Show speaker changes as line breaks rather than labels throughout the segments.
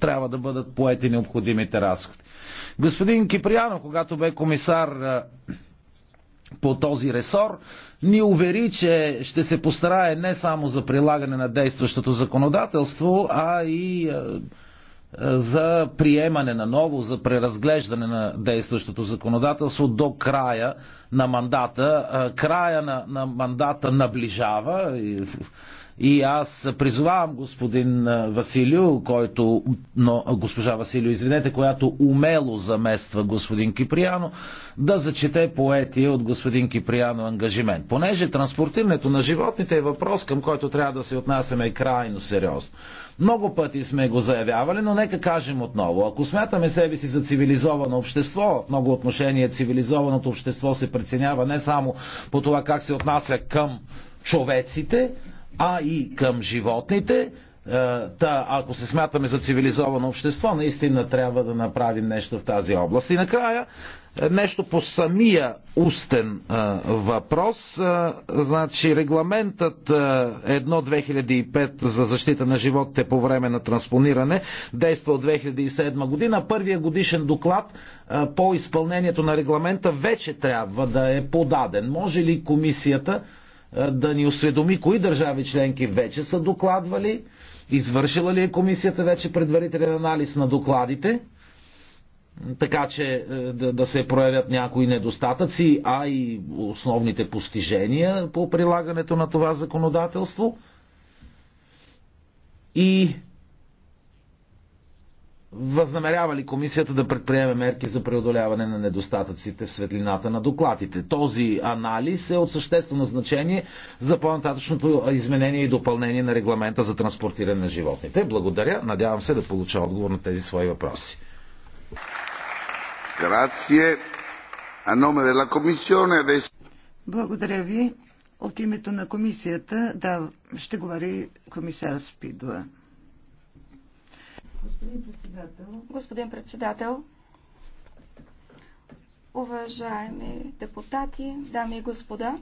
трябва да бъдат поети необходимите разходи. Господин Киприяно, когато бе комисар по този ресор, ни увери, че ще се постарае не само за прилагане на действащото законодателство, а и за приемане на ново, за преразглеждане на действащото законодателство до края на мандата. Края на, на мандата наближава. И аз призовавам господин Василио, който, но, госпожа Василио, извинете, която умело замества господин Киприяно, да зачете поетия от господин Киприяно ангажимент. Понеже транспортирането на животните е въпрос, към който трябва да се отнасяме крайно сериозно. Много пъти сме го заявявали, но нека кажем отново. Ако смятаме себе си за цивилизовано общество, в много отношения цивилизованото общество се преценява не само по това как се отнася към човеците, а и към животните. Е, та, ако се смятаме за цивилизовано общество, наистина трябва да направим нещо в тази област. И накрая, е, нещо по самия устен а, е, въпрос. А, значи, регламентът 1-2005 за защита на животите по време на транспониране действа от 2007 година. Първия годишен доклад а, по изпълнението на регламента вече трябва да е подаден. Може ли комисията е, да ни осведоми кои държави членки вече са докладвали, извършила ли е комисията вече предварителен анализ на докладите, така че е, да, да се проявят някои недостатъци, а и основните постижения по прилагането на това законодателство. И възнамерява ли комисията да предприеме мерки за преодоляване на недостатъците в светлината на докладите? Този анализ е от съществено значение за по-нататъчното изменение и допълнение на регламента за транспортиране на животните. Благодаря. Надявам се да получа отговор на тези свои въпроси. Е
Благодаря ви. От името на комисията да, ще говори комисар Спидуа.
Господин председател. Господин председател. Уважаеми депутати, дами и господа,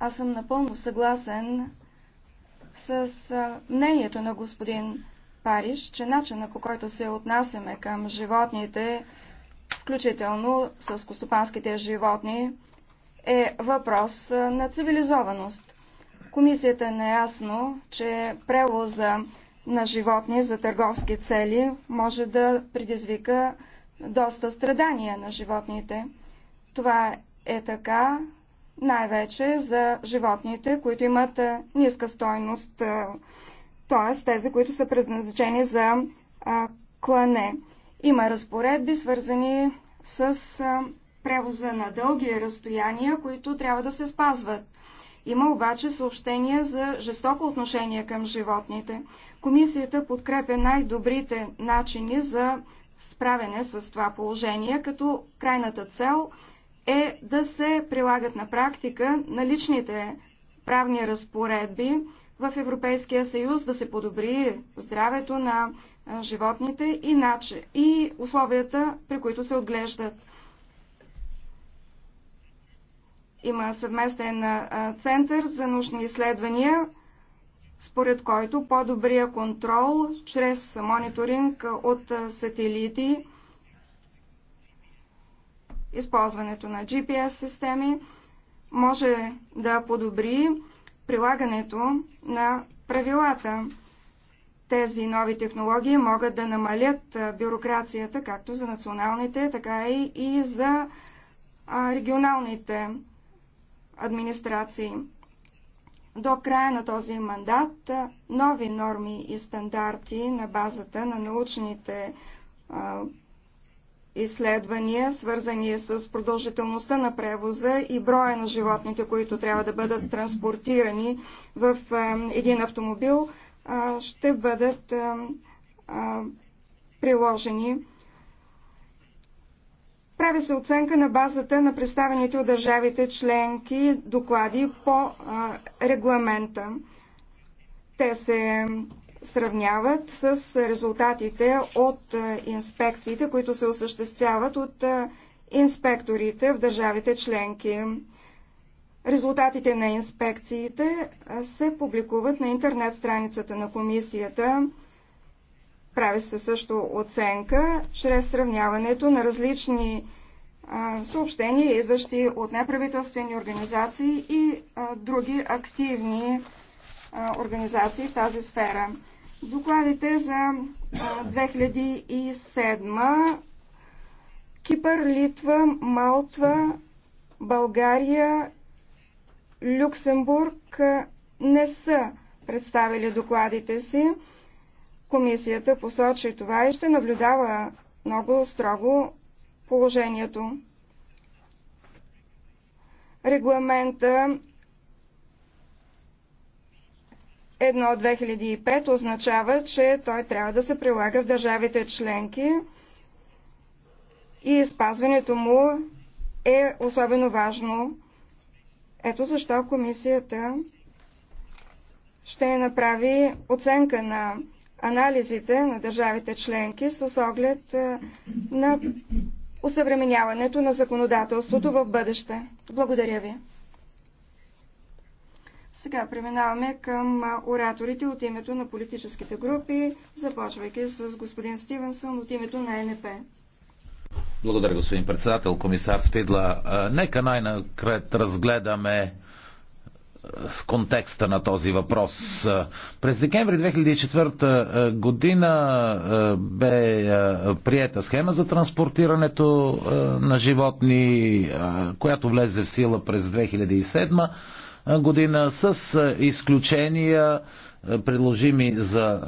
аз съм напълно съгласен с мнението на господин Париж, че начина по който се отнасяме към животните, включително с костопанските животни, е въпрос на цивилизованост. Комисията е наясно, че превоза на животни за търговски цели може да предизвика доста страдания на животните. Това е така най-вече за животните, които имат ниска стойност, т.е. тези, които са предназначени за клане. Има разпоредби, свързани с превоза на дълги разстояния, които трябва да се спазват. Има обаче съобщения за жестоко отношение към животните. Комисията подкрепя най-добрите начини за справяне с това положение, като крайната цел е да се прилагат на практика наличните правни разпоредби в Европейския съюз, да се подобри здравето на животните и, начи, и условията, при които се отглеждат. Има съвместен център за научни изследвания, според който по-добрия контрол чрез мониторинг от сателити, използването на GPS системи може да подобри прилагането на правилата. Тези нови технологии могат да намалят бюрокрацията както за националните, така и за регионалните администрации до края на този мандат нови норми и стандарти на базата на научните изследвания, свързани с продължителността на превоза и броя на животните, които трябва да бъдат транспортирани в един автомобил, ще бъдат приложени прави се оценка на базата на представените от държавите членки доклади по регламента. Те се сравняват с резултатите от инспекциите, които се осъществяват от инспекторите в държавите членки. Резултатите на инспекциите се публикуват на интернет страницата на комисията. Прави се също оценка чрез сравняването на различни а, съобщения, идващи от неправителствени организации и а, други активни а, организации в тази сфера. Докладите за 2007 Кипър, Литва, Малтва, България, Люксембург не са представили докладите си. Комисията посочи това и ще наблюдава много строго положението. Регламента 1.2005 от 2005 означава, че той трябва да се прилага в държавите членки и спазването му е особено важно. Ето защо комисията ще направи оценка на анализите на държавите членки с оглед е, на усъвременяването на законодателството в бъдеще. Благодаря ви. Сега преминаваме към е, ораторите от името на политическите групи, започвайки с господин Стивенсън от името на НП.
Благодаря, господин председател, комисар Спидла. Е, нека най-накрат разгледаме в контекста на този въпрос. През декември 2004 е, година е, бе е, приета схема за транспортирането на животни, която влезе в сила през 2007 година с изключения приложими за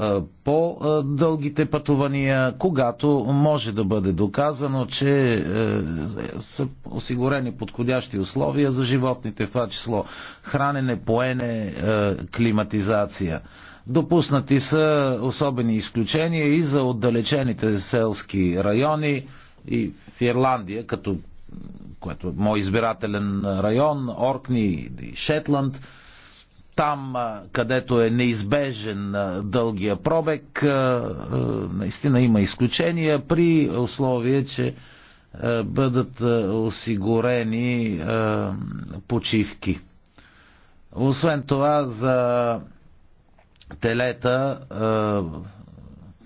по-дългите пътувания, когато може да бъде доказано, че е, са осигурени подходящи условия за животните, в това число хранене, поене, е, климатизация. Допуснати са особени изключения и за отдалечените селски райони и в Ирландия, като което е мой избирателен район, Оркни и Шетланд там, където е неизбежен дългия пробег, наистина има изключения при условие, че бъдат осигурени почивки. Освен това, за телета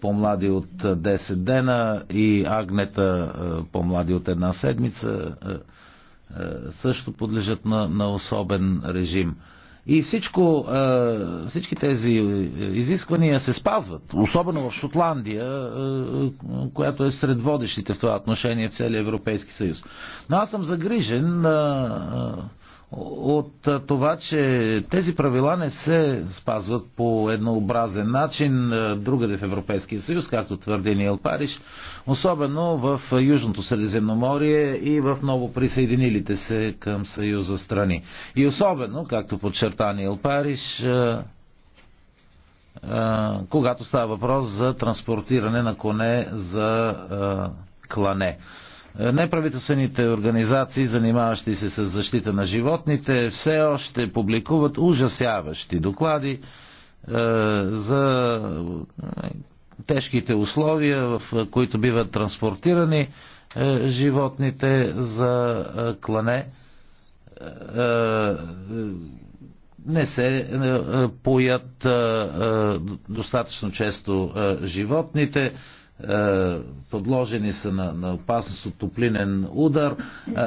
по-млади от 10 дена и агнета по-млади от една седмица също подлежат на, на особен режим. И всичко, е, всички тези е, изисквания се спазват, особено в Шотландия, е, която е сред водещите в това отношение в целия Европейски съюз. Но аз съм загрижен от това, че тези правила не се спазват по еднообразен начин другаде в Европейския съюз, както твърди Ниел Париж, особено в Южното Средиземноморие и в ново присъединилите се към Съюза страни. И особено, както подчерта Ниел Париж, когато става въпрос за транспортиране на коне за клане. Неправителствените организации, занимаващи се с защита на животните, все още публикуват ужасяващи доклади е, за е, тежките условия, в които биват транспортирани е, животните за клане. Не се поят достатъчно често животните е, подложени са на, на опасност от топлинен удар. Е,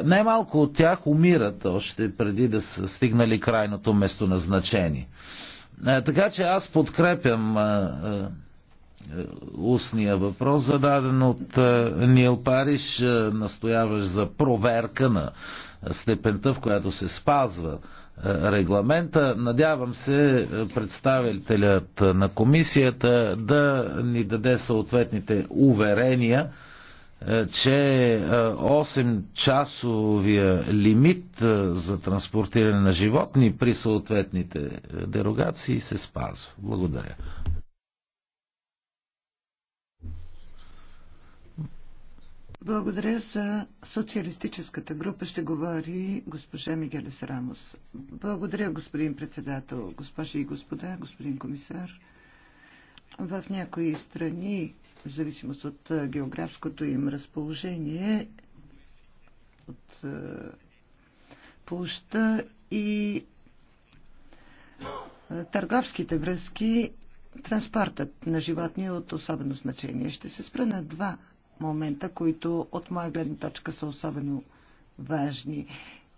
най-малко от тях умират още преди да са стигнали крайното местоназначение. Е, така че аз подкрепям устния въпрос, зададен от Нил Париш, настояваш за проверка на степента, в която се спазва е, регламента. Надявам се е, представителят на комисията да ни даде съответните уверения, е, че 8-часовия лимит за транспортиране на животни при съответните дерогации се спазва. Благодаря.
Благодаря за социалистическата група. Ще говори госпожа Мигелес Рамос. Благодаря, господин председател, госпожи и господа, господин комисар. В някои страни, в зависимост от географското им разположение, от площа и търговските връзки, транспортът на животни е от особено значение. Ще се спра на два момента, които от моя гледна точка са особено важни.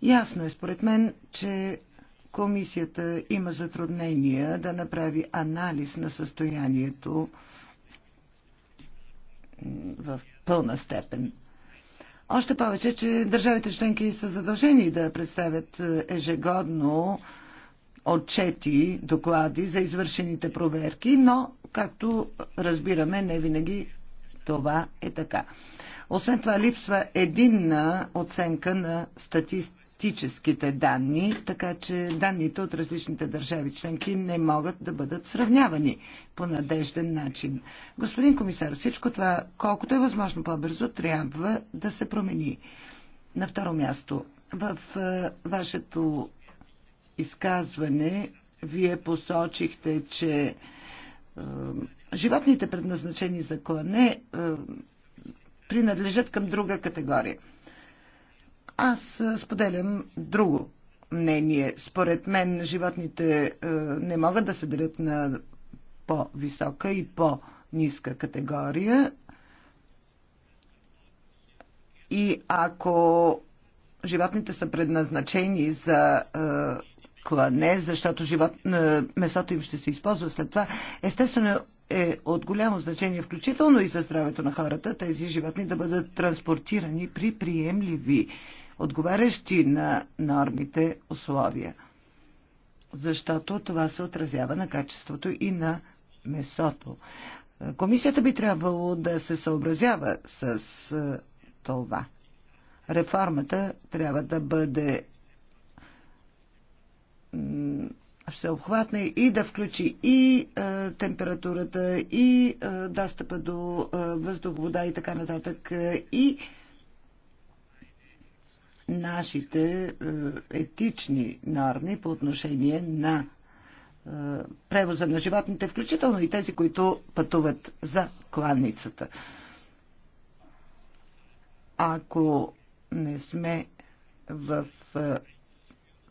Ясно е според мен, че комисията има затруднения да направи анализ на състоянието в пълна степен. Още повече, че държавите членки са задължени да представят ежегодно отчети, доклади за извършените проверки, но, както разбираме, не винаги това е така. Освен това липсва единна оценка на статистическите данни, така че данните от различните държави членки не могат да бъдат сравнявани по надежден начин. Господин комисар, всичко това, колкото е възможно по-бързо, трябва да се промени. На второ място, в е, вашето изказване вие посочихте, че е, животните, предназначени за клане, е, принадлежат към друга категория. Аз е, споделям друго мнение. Според мен животните е, не могат да се делят на по-висока и по-ниска категория. И ако животните са предназначени за не, защото живот, е, месото им ще се използва след това, естествено е от голямо значение, включително и за здравето на хората, тези животни да бъдат транспортирани при приемливи, отговарящи на нормите условия. Защото това се отразява на качеството и на месото. Комисията би трябвало да се съобразява с е, това. Реформата трябва да бъде всеобхватна и да включи и е, температурата, и е, достъпа до е, въздух, вода и така нататък, е, и нашите е, етични норми по отношение на е, превоза на животните, включително и тези, които пътуват за кланницата. Ако не сме в е,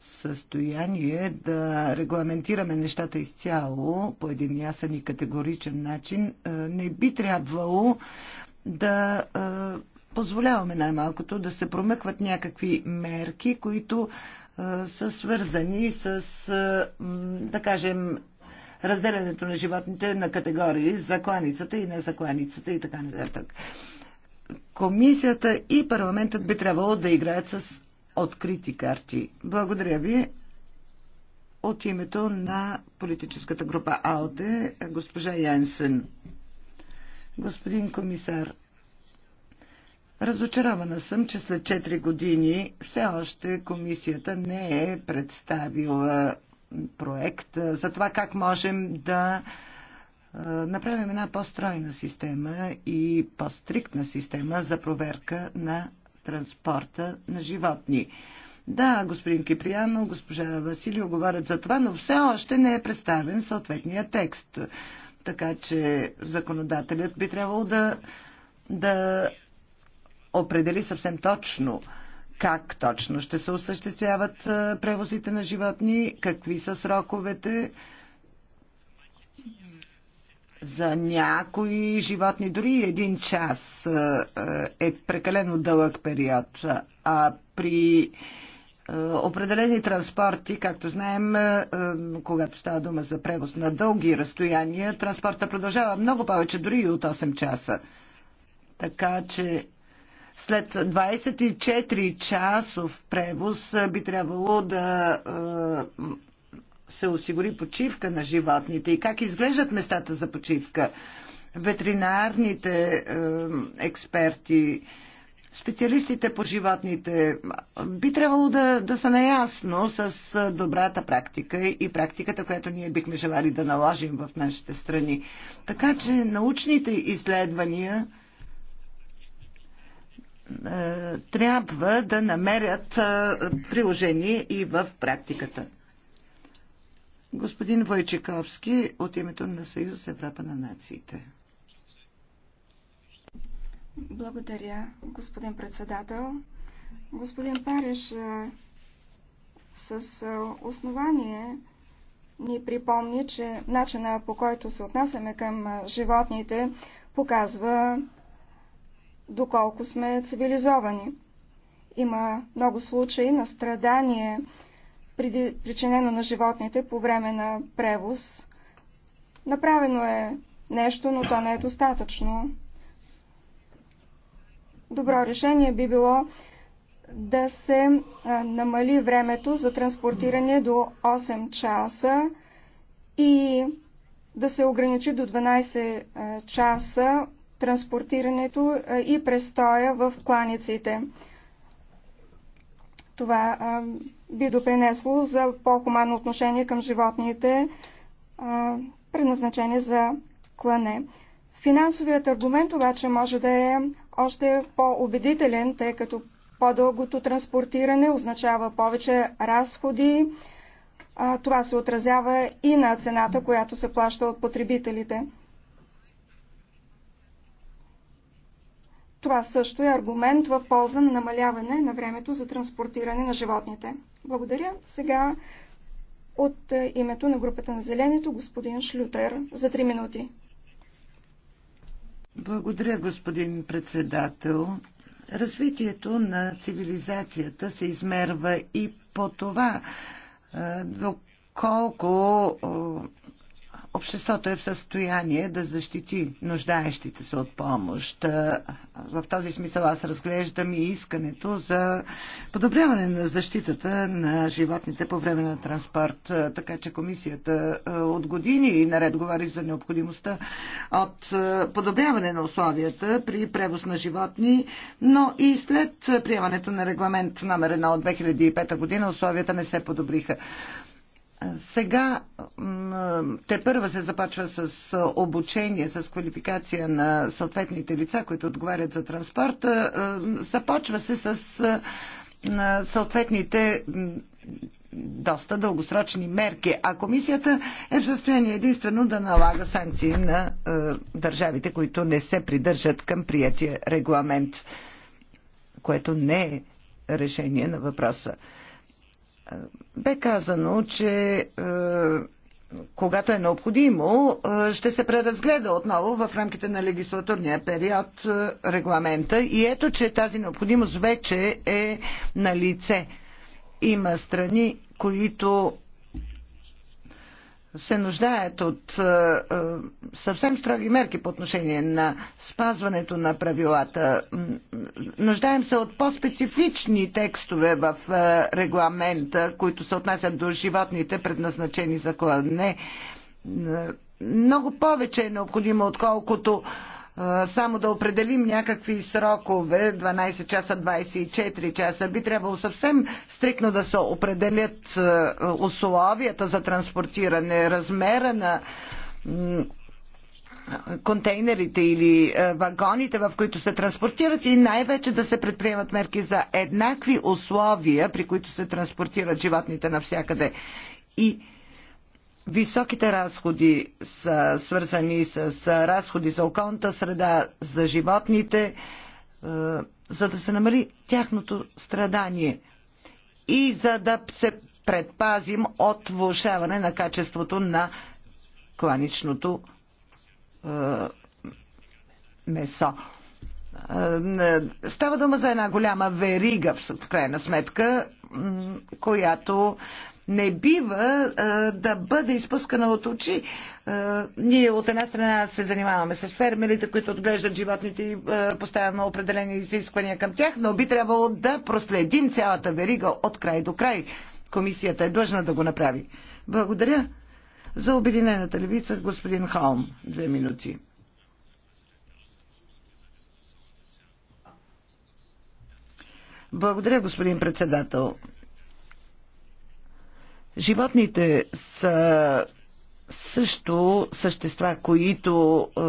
състояние да регламентираме нещата изцяло по един ясен и категоричен начин, не би трябвало да позволяваме най-малкото да се промъкват някакви мерки, които са свързани с, да кажем, разделянето на животните на категории за кланицата и не за кланицата и така нататък. Комисията и парламентът би трябвало да играят с открити карти. Благодаря ви. От името на политическата група АОТЕ, госпожа Янсен. Господин комисар, разочарована съм, че след 4 години все още комисията не е представила проект за това как можем да направим една по-стройна система и по-стриктна система за проверка на транспорта на животни. Да, господин Киприяно, госпожа Василио говорят за това, но все още не е представен съответния текст. Така че законодателят би трябвало да, да определи съвсем точно как точно ще се осъществяват превозите на животни, какви са сроковете. За някои животни дори един час е, е, е прекалено дълъг период, а при е, определени транспорти, както знаем, когато става дума за превоз на дълги разстояния, транспорта продължава много повече, дори и от 8 часа. Така че след 24 часов превоз би трябвало да се осигури почивка на животните и как изглеждат местата за почивка. Ветеринарните е, експерти, специалистите по животните би трябвало да, да са наясно с е, добрата практика и практиката, която ние бихме желали да наложим в нашите страни. Така че научните изследвания е, трябва да намерят е, приложение и в практиката. Господин Войчековски от името на Съюз Европа на нациите.
Благодаря, господин председател. Господин Париж, с основание ни припомни, че начина по който се отнасяме към животните показва доколко сме цивилизовани. Има много случаи на страдание причинено на животните по време на превоз. Направено е нещо, но то не е достатъчно. Добро решение би било да се намали времето за транспортиране до 8 часа и да се ограничи до 12 часа транспортирането и престоя в кланиците. Това би допринесло за по-хуманно отношение към животните, предназначени за клане. Финансовият аргумент обаче може да е още по-убедителен, тъй като по-дългото транспортиране означава повече разходи. Това се отразява и на цената, която се плаща от потребителите. Това също е аргумент в полза на намаляване на времето за транспортиране на животните. Благодаря. Сега от е, името на групата на Зеленето господин Шлютер за 3 минути.
Благодаря, господин председател. Развитието на цивилизацията се измерва и по това, е, доколко е, обществото е в състояние да защити нуждаещите се от помощ. В този смисъл аз разглеждам и искането за подобряване на защитата на животните по време на транспорт. Така че комисията от години и наред говори за необходимостта от подобряване на условията при превоз на животни, но и след приемането на регламент номер 1 от 2005 година условията не се подобриха. Сега те първа се започва с обучение, с квалификация на съответните лица, които отговарят за транспорта. Е, започва се с е, съответните доста дългосрочни мерки, а комисията е в състояние единствено да налага санкции на е, държавите, които не се придържат към приятия регламент, което не е решение на въпроса. Бе казано, че е, когато е необходимо, е, ще се преразгледа отново в рамките на легислатурния период е, регламента и ето, че тази необходимост вече е на лице. Има страни, които се нуждаят от е, е, съвсем строги мерки по отношение на спазването на правилата. Нуждаем се от по-специфични текстове в е, регламента, които се отнасят до животните, предназначени за клане. Много повече е необходимо, отколкото само да определим някакви срокове, 12 часа, 24 часа, би трябвало съвсем стрикно да се определят условията за транспортиране, размера на контейнерите или вагоните, в които се транспортират и най-вече да се предприемат мерки за еднакви условия, при които се транспортират животните навсякъде. И Високите разходи са свързани с разходи за околната среда, за животните, е, за да се намали тяхното страдание и за да се предпазим от влушаване на качеството на кланичното е, месо. Е, става дума за една голяма верига, в крайна сметка, която не бива да бъде изпускана от очи. Ние от една страна се занимаваме с фермерите, които отглеждат животните и поставяме определени изисквания към тях, но би трябвало да проследим цялата верига от край до край. Комисията е длъжна да го направи. Благодаря. За Обединената левица господин Хаум. Две минути. Благодаря, господин председател. Животните са също същества, които е,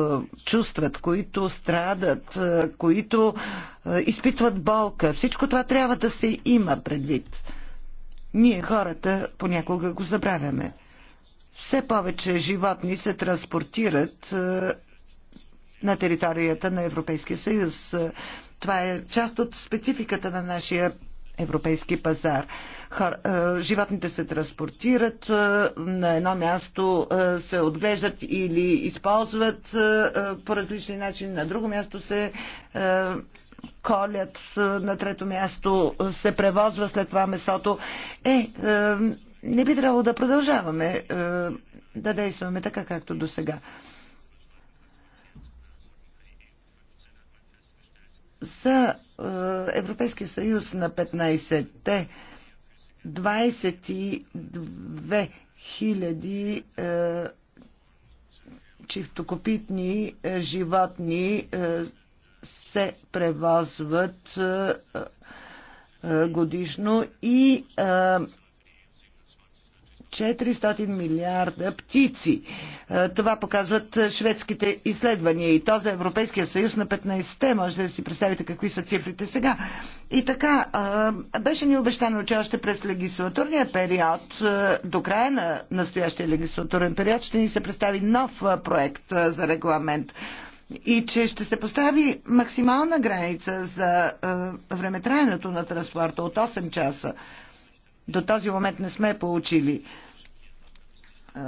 чувстват, които страдат, е, които е, изпитват болка. Всичко това трябва да се има предвид. Ние хората понякога го забравяме. Все повече животни се транспортират е, на територията на Европейския съюз. Е, това е част от спецификата на нашия европейски пазар. Хор, е, животните се транспортират, е, на едно място е, се отглеждат или използват е, е, по различни начини, на друго място се е, колят, е, на трето място се превозва след това месото. Е, е не би трябвало да продължаваме е, да действаме така, както до сега. за е, Европейския съюз на 15-те 22 хиляди е, чифтокопитни е, животни се превозват годишно и 400 милиарда птици. Е, това показват шведските изследвания и то за Европейския съюз на 15-те. Може да си представите какви са цифрите сега. И така, е, беше ни обещано, че още през легислатурния период, е, до края на настоящия легислатурен период, ще ни се представи нов проект за регламент и че ще се постави максимална граница за времетраенето на транспорта от 8 часа. До този момент не сме получили е,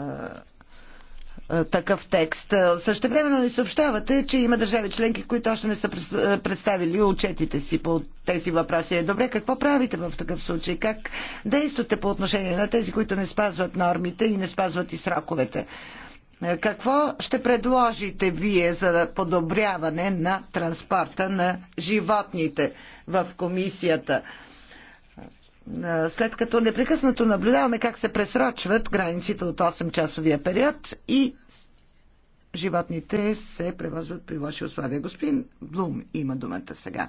е, такъв текст. Също времено ни съобщавате, че има държави членки, които още не са е, представили отчетите си по тези въпроси. Добре, какво правите в такъв случай? Как действате по отношение на тези, които не спазват нормите и не спазват и сроковете? Какво ще предложите вие за подобряване на транспорта на животните в комисията? след като непрекъснато наблюдаваме как се пресрочват границите от 8-часовия период и животните се превозват при лоши условия. Господин Блум има думата сега.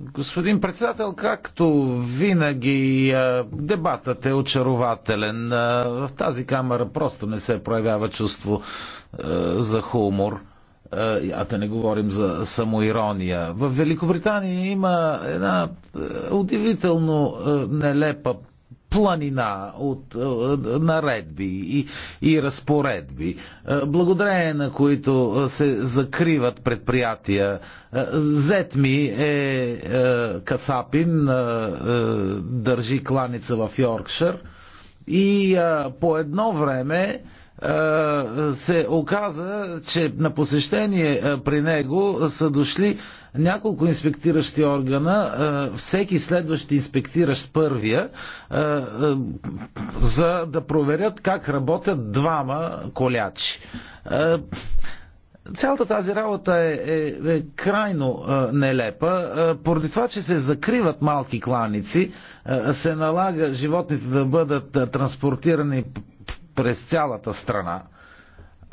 Господин председател, както винаги, дебатът е очарователен. В тази камера просто не се проявява чувство за хумор а да не говорим за самоирония. В Великобритания има една е, удивително е, нелепа планина от е, наредби и, и разпоредби, благодарение на които се закриват предприятия. Зетми е касапин, държи кланица в Йоркшир и по едно време е, се оказа, че на посещение е, при него са дошли няколко инспектиращи органа, е, всеки следващ инспектиращ първия, за да проверят как работят двама колячи. Цялата тази работа е, е, е крайно е, нелепа. Е, поради това, че се закриват малки кланици, е, се налага животните да бъдат е, транспортирани през цялата страна.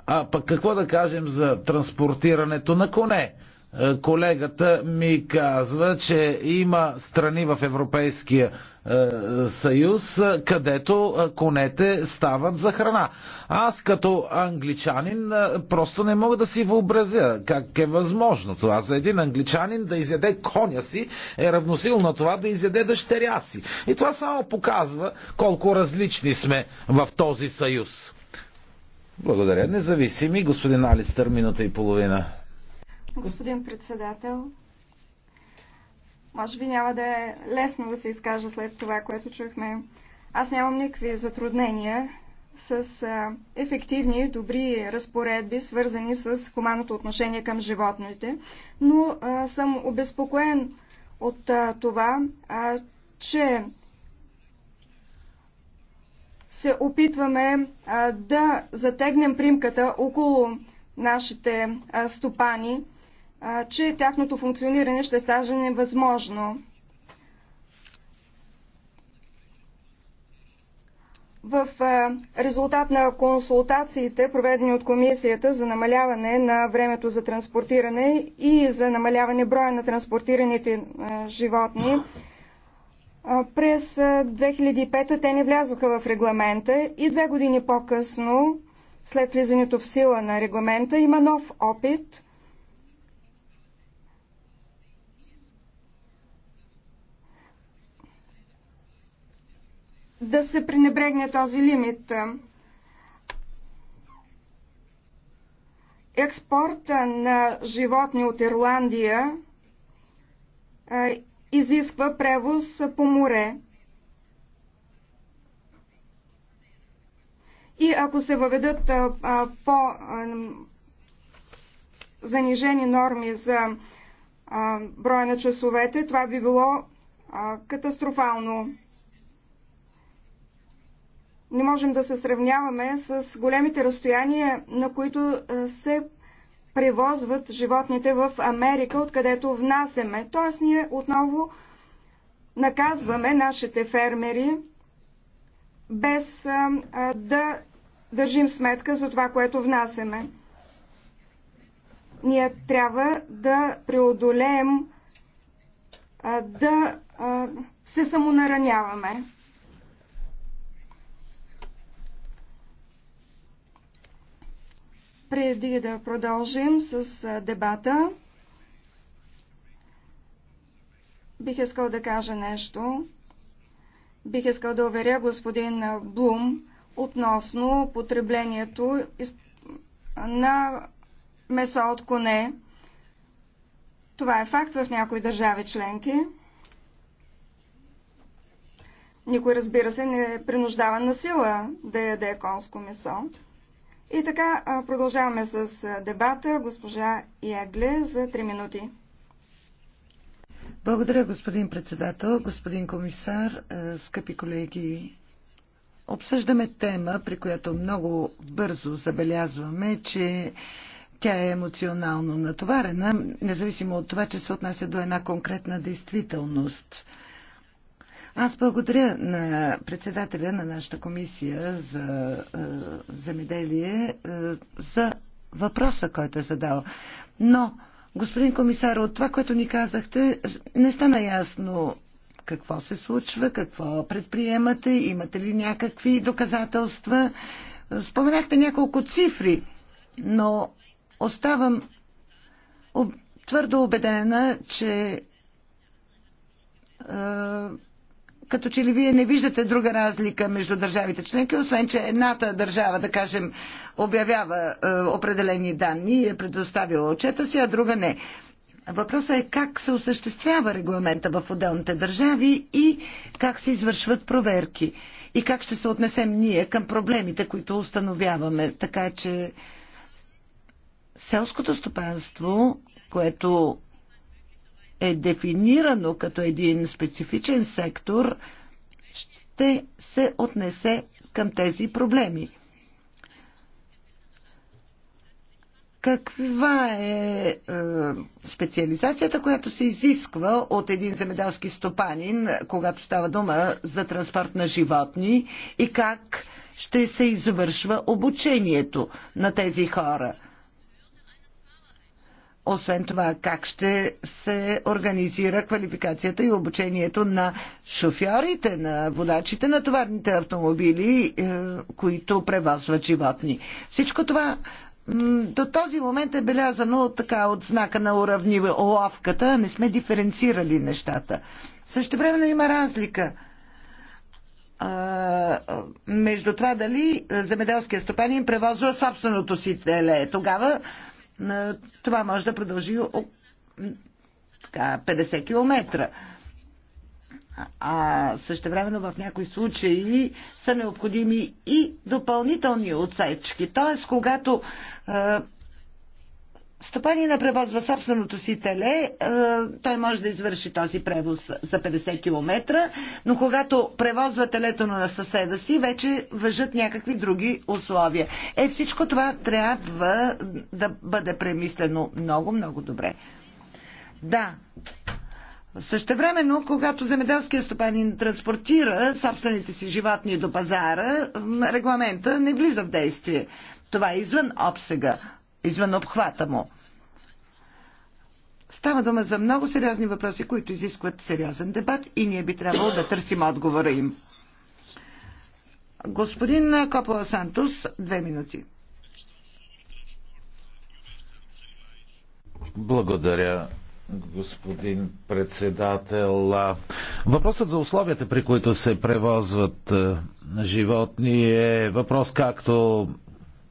А пък какво да кажем за транспортирането на коне? Е, колегата ми казва, че има страни в Европейския е, съюз, където е, конете стават за храна. Аз като англичанин просто не мога да си въобразя как е възможно това. За един англичанин да изяде коня си е равносилно на това да изяде дъщеря си. И това само показва колко различни сме в този съюз. Благодаря. Независими, господин Алистър, минута и половина.
Господин председател, може би няма да е лесно да се изкажа след това, което чухме. Аз нямам никакви затруднения с а, ефективни, добри разпоредби, свързани с хуманното отношение към животните, но а, съм обезпокоен от а, това, а, че се опитваме а, да затегнем примката около нашите а, стопани, че тяхното функциониране ще стаже невъзможно. В резултат на консултациите, проведени от Комисията за намаляване на времето за транспортиране и за намаляване броя на транспортираните животни, през 2005 те не влязоха в регламента и две години по-късно, след влизането в сила на регламента, има нов опит – да се пренебрегне този лимит. Експорта на животни от Ирландия изисква превоз по море. И ако се въведат по занижени норми за броя на часовете, това би било катастрофално не можем да се сравняваме с големите разстояния, на които е, се превозват животните в Америка, откъдето внасяме. Тоест ние отново наказваме нашите фермери, без а, е, е, да държим сметка за това, което внасяме. Ние трябва да преодолеем а, да а, се самонараняваме. Преди да продължим с дебата, бих искал да кажа нещо. Бих искал да уверя господин Блум относно потреблението на месо от коне. Това е факт в някои държави членки. Никой, разбира се, не е принуждава на сила да яде конско месо. И така продължаваме с дебата. Госпожа Ягле за 3 минути.
Благодаря, господин председател, господин комисар, скъпи колеги. Обсъждаме тема, при която много бързо забелязваме, че тя е емоционално натоварена, независимо от това, че се отнася до една конкретна действителност – аз благодаря на председателя на нашата комисия за е, земеделие е, за въпроса, който е задал. Но, господин комисар, от това, което ни казахте, не стана ясно какво се случва, какво предприемате, имате ли някакви доказателства. Споменахте няколко цифри, но оставам твърдо убедена, че е, като че ли вие не виждате друга разлика между държавите членки, освен че едната държава, да кажем, обявява е, определени данни и е предоставила отчета си, а друга не. Въпросът е как се осъществява регламента в отделните държави и как се извършват проверки и как ще се отнесем ние към проблемите, които установяваме. Така че селското стопанство, което е дефинирано като един специфичен сектор, ще се отнесе към тези проблеми. Каква е, е специализацията, която се изисква от един земеделски стопанин, когато става дума за транспорт на животни и как ще се извършва обучението на тези хора? освен това, как ще се организира квалификацията и обучението на шофьорите, на водачите на товарните автомобили, е, които превозват животни. Всичко това до този момент е белязано така от знака на уравнива ловката, не сме диференцирали нещата. Също време има разлика е, между това дали земеделския стопанин превозва собственото си теле. Тогава това може да продължи така, 50 км. А същевременно в някои случаи са необходими и допълнителни отсечки. Т.е. когато стопанина превозва собственото си теле, е, той може да извърши този превоз за 50 км, но когато превозва телето на съседа си, вече въжат някакви други условия. Е, всичко това трябва да бъде премислено много, много добре. Да. Същевременно, когато земеделския стопанин транспортира собствените си животни до пазара, регламента не влиза в действие. Това е извън обсега извън обхвата му. Става дума за много сериозни въпроси, които изискват сериозен дебат и ние би трябвало да търсим отговора им. Господин Копола Сантус, две минути.
Благодаря, господин председател. Въпросът за условията, при които се превозват е, животни е въпрос както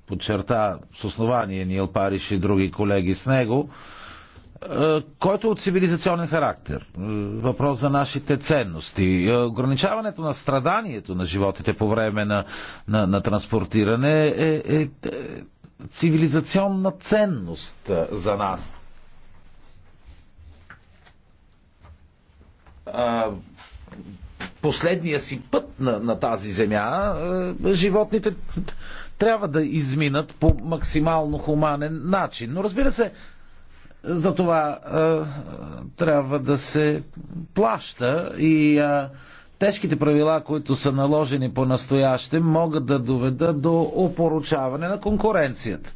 подчерта с основание Нил Париш и други колеги с него, е, който е от цивилизационен характер. Е, въпрос за нашите ценности. Е, ограничаването на страданието на животите по време на, на, на транспортиране е, е, е цивилизационна ценност за нас. Последния си път на, на тази земя животните трябва да изминат по максимално хуманен начин. Но разбира се, за това а, е, е, трябва да се плаща и а, е, тежките правила, които са наложени по настояще, могат да доведат до опоручаване на конкуренцията.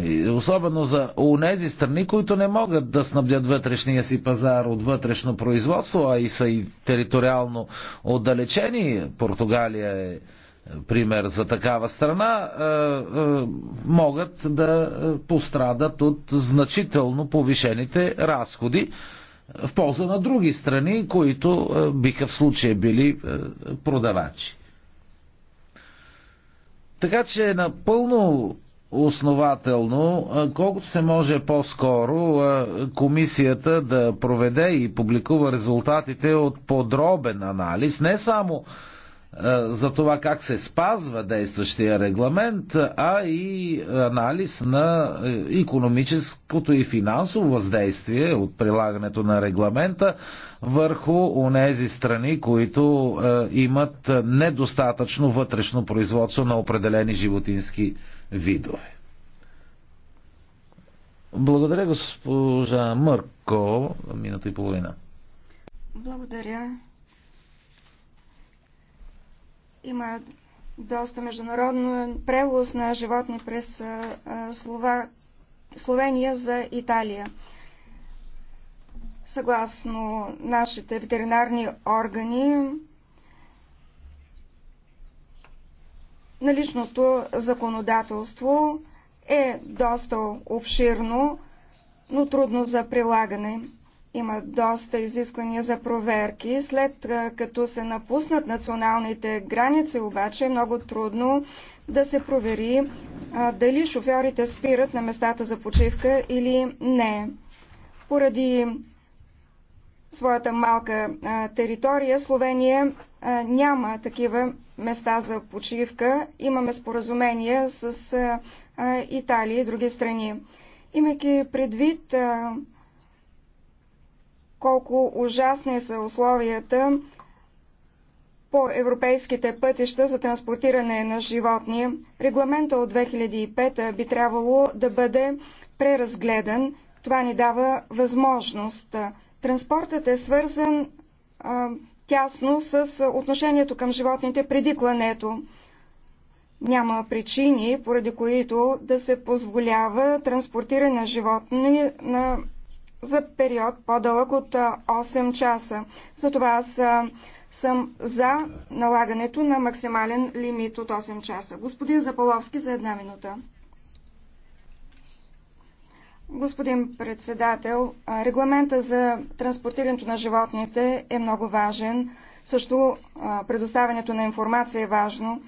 И особено за унези страни, които не могат да снабдят вътрешния си пазар от вътрешно производство, а и са и териториално отдалечени. Португалия е пример за такава страна, е, е, могат да пострадат от значително повишените разходи в полза на други страни, които е, биха в случая били продавачи. Така че е напълно основателно, колкото се може по-скоро, комисията да проведе и публикува резултатите от подробен анализ, не само е, за това как се спазва действащия регламент, а и анализ на економическото и финансово въздействие от прилагането на регламента върху онези страни, които е, имат недостатъчно вътрешно производство на определени животински видове. Благодаря госпожа Мърко, минута и половина.
Благодаря, има доста международно превоз на животни през Слова... Словения за Италия. Съгласно нашите ветеринарни органи, наличното законодателство е доста обширно, но трудно за прилагане. Има доста изисквания за проверки. След като се напуснат националните граници, обаче е много трудно да се провери а, дали шофьорите спират на местата за почивка или не. Поради своята малка а, територия Словения а, няма такива места за почивка. Имаме споразумения с а, Италия и други страни. Имайки предвид а, колко ужасни са условията по европейските пътища за транспортиране на животни. Регламента от 2005 би трябвало да бъде преразгледан. Това ни дава възможност. Транспортът е свързан а, тясно с отношението към животните преди клането. Няма причини, поради които да се позволява транспортиране на животни на за период по-дълъг от 8 часа. Затова аз съм за налагането на максимален лимит от 8 часа. Господин Заполовски за една минута. Господин председател, регламента за транспортирането на животните е много важен. Също предоставянето на информация е важно.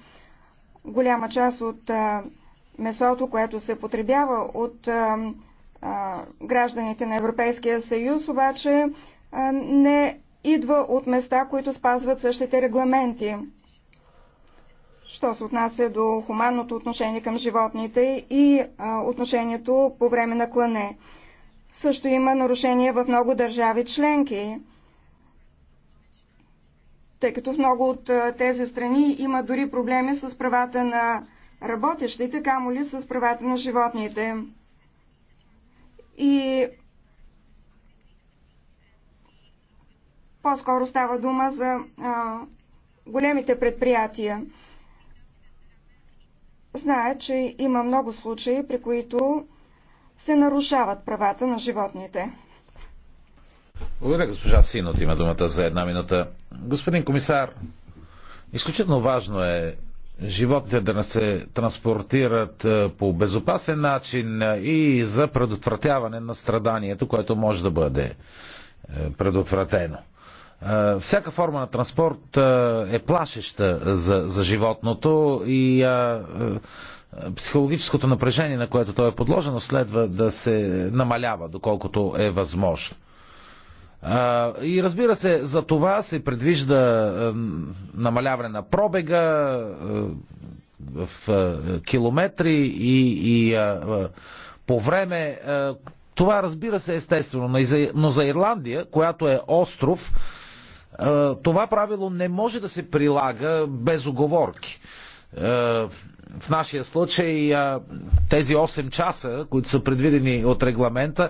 Голяма част от месото, което се потребява от гражданите на Европейския съюз, обаче не идва от места, които спазват същите регламенти. Що се отнася до хуманното отношение към животните и отношението по време на клане. Също има нарушения в много държави членки, тъй като в много от тези страни има дори проблеми с правата на работещите, камо ли с правата на животните и по-скоро става дума за а, големите предприятия. Зная, че има много случаи, при които се нарушават правата на животните.
Благодаря, госпожа Синот. Има думата за една минута. Господин комисар, изключително важно е животните да не се транспортират е, по безопасен начин е, и за предотвратяване на страданието, което може да бъде е, предотвратено. Всяка форма на транспорт е плашеща за, за животното и а, психологическото напрежение, на което то е подложено, следва да се намалява, доколкото е възможно. И разбира се, за това се предвижда намаляване на пробега е, в е, километри и, и е, по време. Това разбира се естествено, но за Ирландия, която е остров, това правило не може да се прилага без оговорки. Е, в нашия случай е, тези 8 часа, които са предвидени от регламента,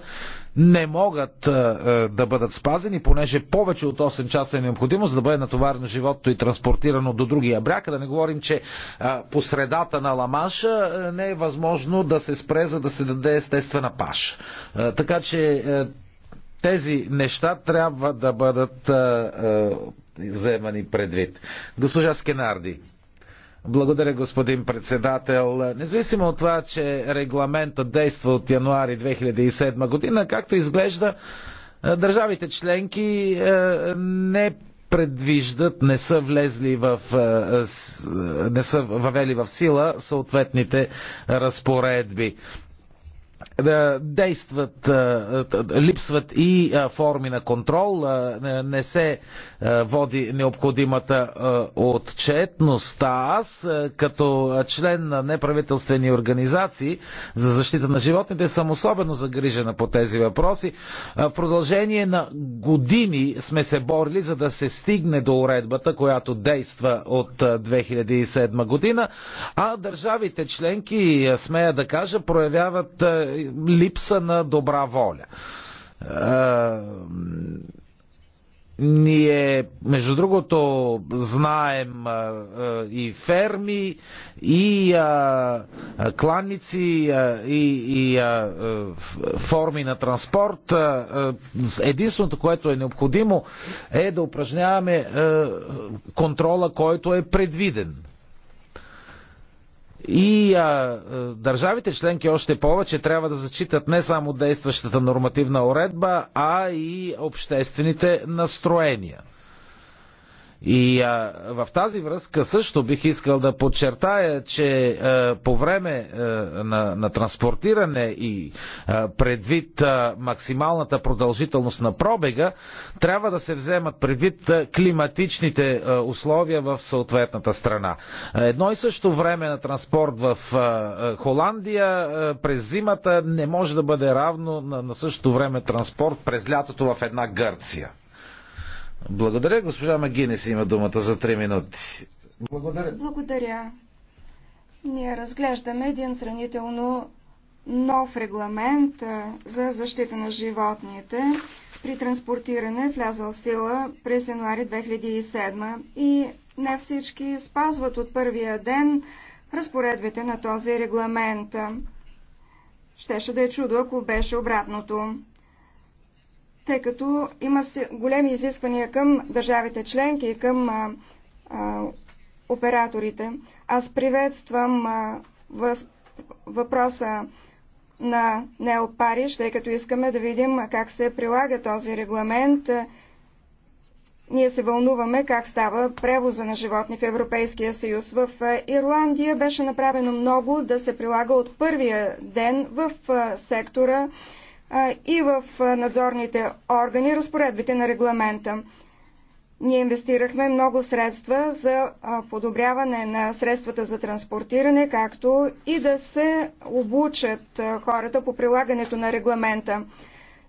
не могат е, да бъдат спазени, понеже повече от 8 часа е необходимо, за да бъде натоварено животното и транспортирано до другия бряг. Да не говорим, че по средата на Ламанша не е възможно да се спре, за да се даде естествена паш. Така че тези неща трябва да бъдат вземани предвид. Госпожа Скенарди, благодаря, господин председател. Независимо от това, че регламентът действа от януари 2007 година, както изглежда, е, държавите членки е, не предвиждат, не са влезли в, е, не са въвели в сила съответните разпоредби. Е, действат, е, е, липсват и форми на контрол, не се води необходимата отчетност. А аз, като член на неправителствени организации за защита на животните, съм особено загрижена по тези въпроси. В продължение на години сме се борили, за да се стигне до уредбата, която действа от 2007 година, а държавите членки, смея да кажа, проявяват липса на добра воля. Ние, между другото, знаем а, а, и ферми, и а, кланници, а, и, и а, форми на транспорт. А, единственото, което е необходимо, е да упражняваме а, контрола, който е предвиден. И а, държавите членки още повече трябва да зачитат не само действащата нормативна уредба, а и обществените настроения. И а, в тази връзка също бих искал да подчертая, че а, по време а, на, на транспортиране и а, предвид а, максималната продължителност на пробега, трябва да се вземат предвид а, климатичните а, условия в съответната страна. Едно и също време на транспорт в а, Холандия а, през зимата не може да бъде равно на, на същото време транспорт през лятото в една Гърция. Благодаря. Госпожа Магинес има думата за 3 минути.
Благодаря. Благодаря. Ние разглеждаме един сравнително нов регламент за защита на животните при транспортиране, влязъл в сила през януари 2007 и не всички спазват от първия ден разпоредбите на този регламент. Щеше да е чудо, ако беше обратното тъй като има големи изисквания към държавите членки и към а, а, операторите. Аз приветствам а, въз, въпроса на Нел Париж, тъй като искаме да видим как се прилага този регламент. Ние се вълнуваме как става превоза на животни в Европейския съюз. В Ирландия беше направено много да се прилага от първия ден в сектора и в надзорните органи разпоредбите на регламента. Ние инвестирахме много средства за подобряване на средствата за транспортиране, както и да се обучат хората по прилагането на регламента.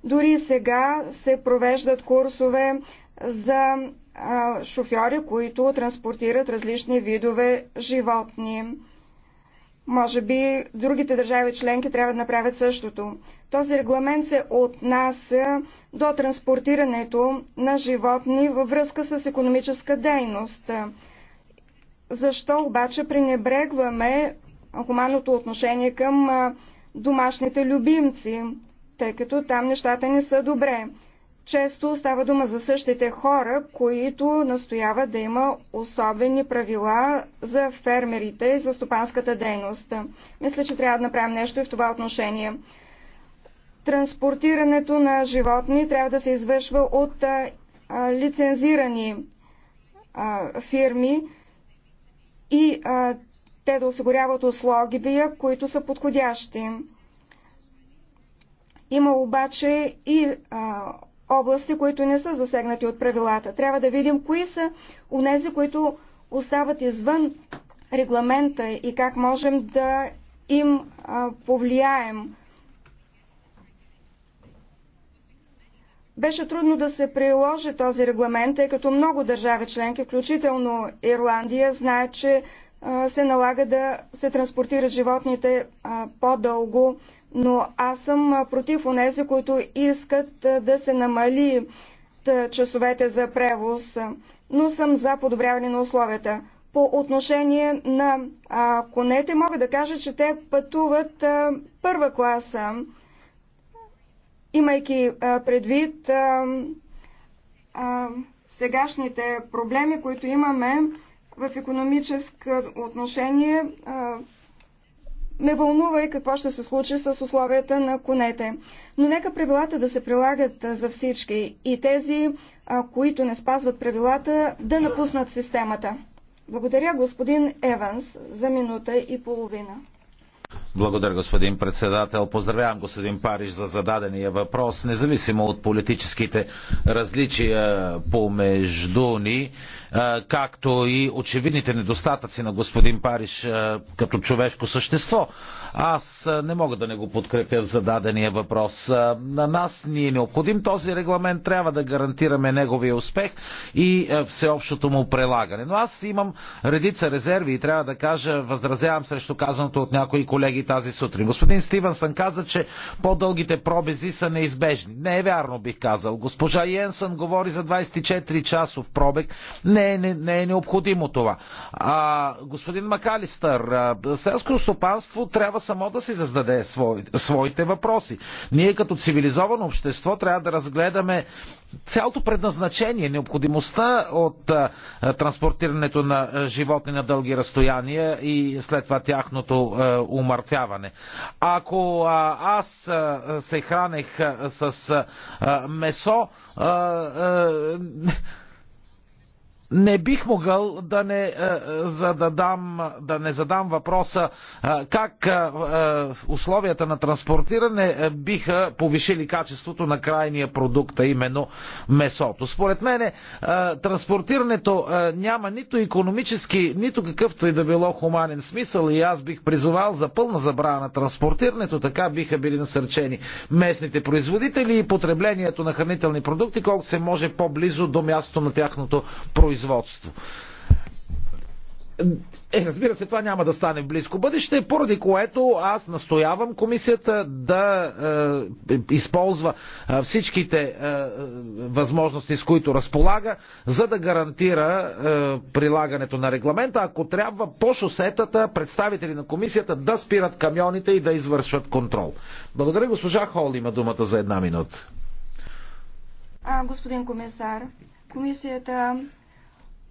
Дори сега се провеждат курсове за шофьори, които транспортират различни видове животни. Може би другите държави членки трябва да направят същото. Този регламент се отнася до транспортирането на животни във връзка с економическа дейност. Защо обаче пренебрегваме хуманното отношение към домашните любимци, тъй като там нещата не са добре. Често става дума за същите хора, които настояват да има особени правила за фермерите и за стопанската дейност. Мисля, че трябва да направим нещо и в това отношение. Транспортирането на животни трябва да се извършва от а, лицензирани а, фирми и а, те да осигуряват услуги, които са подходящи. Има обаче и а, области, които не са засегнати от правилата. Трябва да видим кои са унези, които остават извън регламента и как можем да им а, повлияем. Беше трудно да се приложи този регламент, тъй като много държави членки, включително Ирландия, знаят, че а, се налага да се транспортират животните по-дълго но аз съм против онези, които искат да се намали часовете за превоз, но съм за подобряване на условията. По отношение на а, конете, мога да кажа, че те пътуват а, първа класа, имайки а, предвид а, а, сегашните проблеми, които имаме в економическо отношение. А, ме вълнува и какво ще се случи с условията на конете. Но нека правилата да се прилагат за всички и тези, които не спазват правилата, да напуснат системата. Благодаря господин Еванс за минута и половина.
Благодаря, господин председател. Поздравявам господин Париж за зададения въпрос. Независимо от политическите различия помежду ни, както и очевидните недостатъци на господин Париж като човешко същество, аз не мога да не го подкрепя в зададения въпрос. На нас ни е необходим този регламент, трябва да гарантираме неговия успех и всеобщото му прилагане. Но аз имам редица резерви и трябва да кажа, възразявам срещу казаното от някои колеги тази сутрин. Господин Стивенсън каза, че по-дългите пробези са неизбежни. Не е вярно, бих казал. Госпожа Йенсън говори за 24-часов пробег. Не е, не, не е необходимо това. А, господин Макалистър, селското стопанство трябва само да си зададе свой, своите въпроси. Ние като цивилизовано общество трябва да разгледаме цялото предназначение, необходимостта от а, транспортирането на животни на дълги разстояния и след това тяхното а, умъртвяване. Ако а, аз а, се хранех а, с а, месо, а, а, не бих могъл да не, е, е, зададам, да не задам въпроса е, как условията на транспортиране биха повишили качеството на крайния продукт, а именно месото. Според мен транспортирането няма нито економически, нито какъвто и да било хуманен смисъл и аз бих призовал за пълна забрана на транспортирането, така биха били насърчени местните производители и потреблението на хранителни продукти, колкото се може по-близо до мястото на тяхното производство производство. Е, разбира се, това няма да стане в близко бъдеще, поради което аз настоявам комисията да е, използва е, всичките е, възможности, с които разполага, за да гарантира е, прилагането на регламента. Ако трябва по шосетата, представители на комисията да спират камионите и да извършват контрол. Благодаря, госпожа Хол има думата за една минута.
А, господин комисар, комисията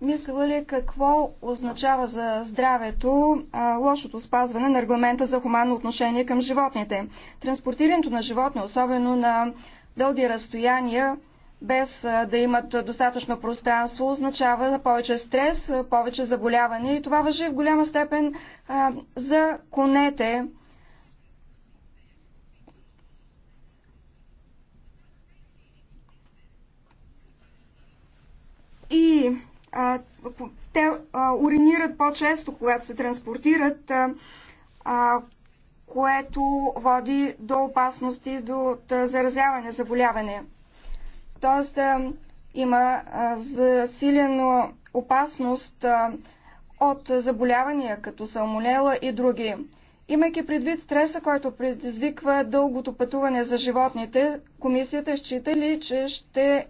мисля ли, какво означава за здравето а, лошото спазване на регламента за хуманно отношение към животните. Транспортирането на животни, особено на дълги разстояния, без а, да имат достатъчно пространство, означава повече стрес, повече заболяване и това въжи в голяма степен а, за конете. И те уринират по-често, когато се транспортират, което води до опасности до заразяване, заболяване. Тоест има засилено опасност от заболявания, като салмонела и други. Имайки предвид стреса, който предизвиква дългото пътуване за животните, комисията е счита ли, че ще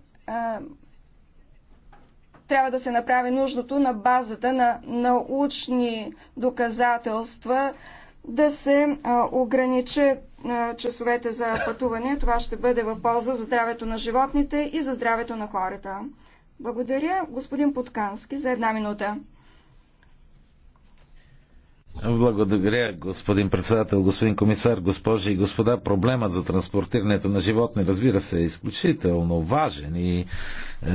трябва да се направи нужното на базата на научни доказателства, да се ограничат часовете за пътуване. Това ще бъде в полза за здравето на животните и за здравето на хората. Благодаря, господин Подкански, за една минута.
Благодаря, господин председател, господин комисар, госпожи и господа. Проблемът за транспортирането на животни, разбира се, е изключително важен и е,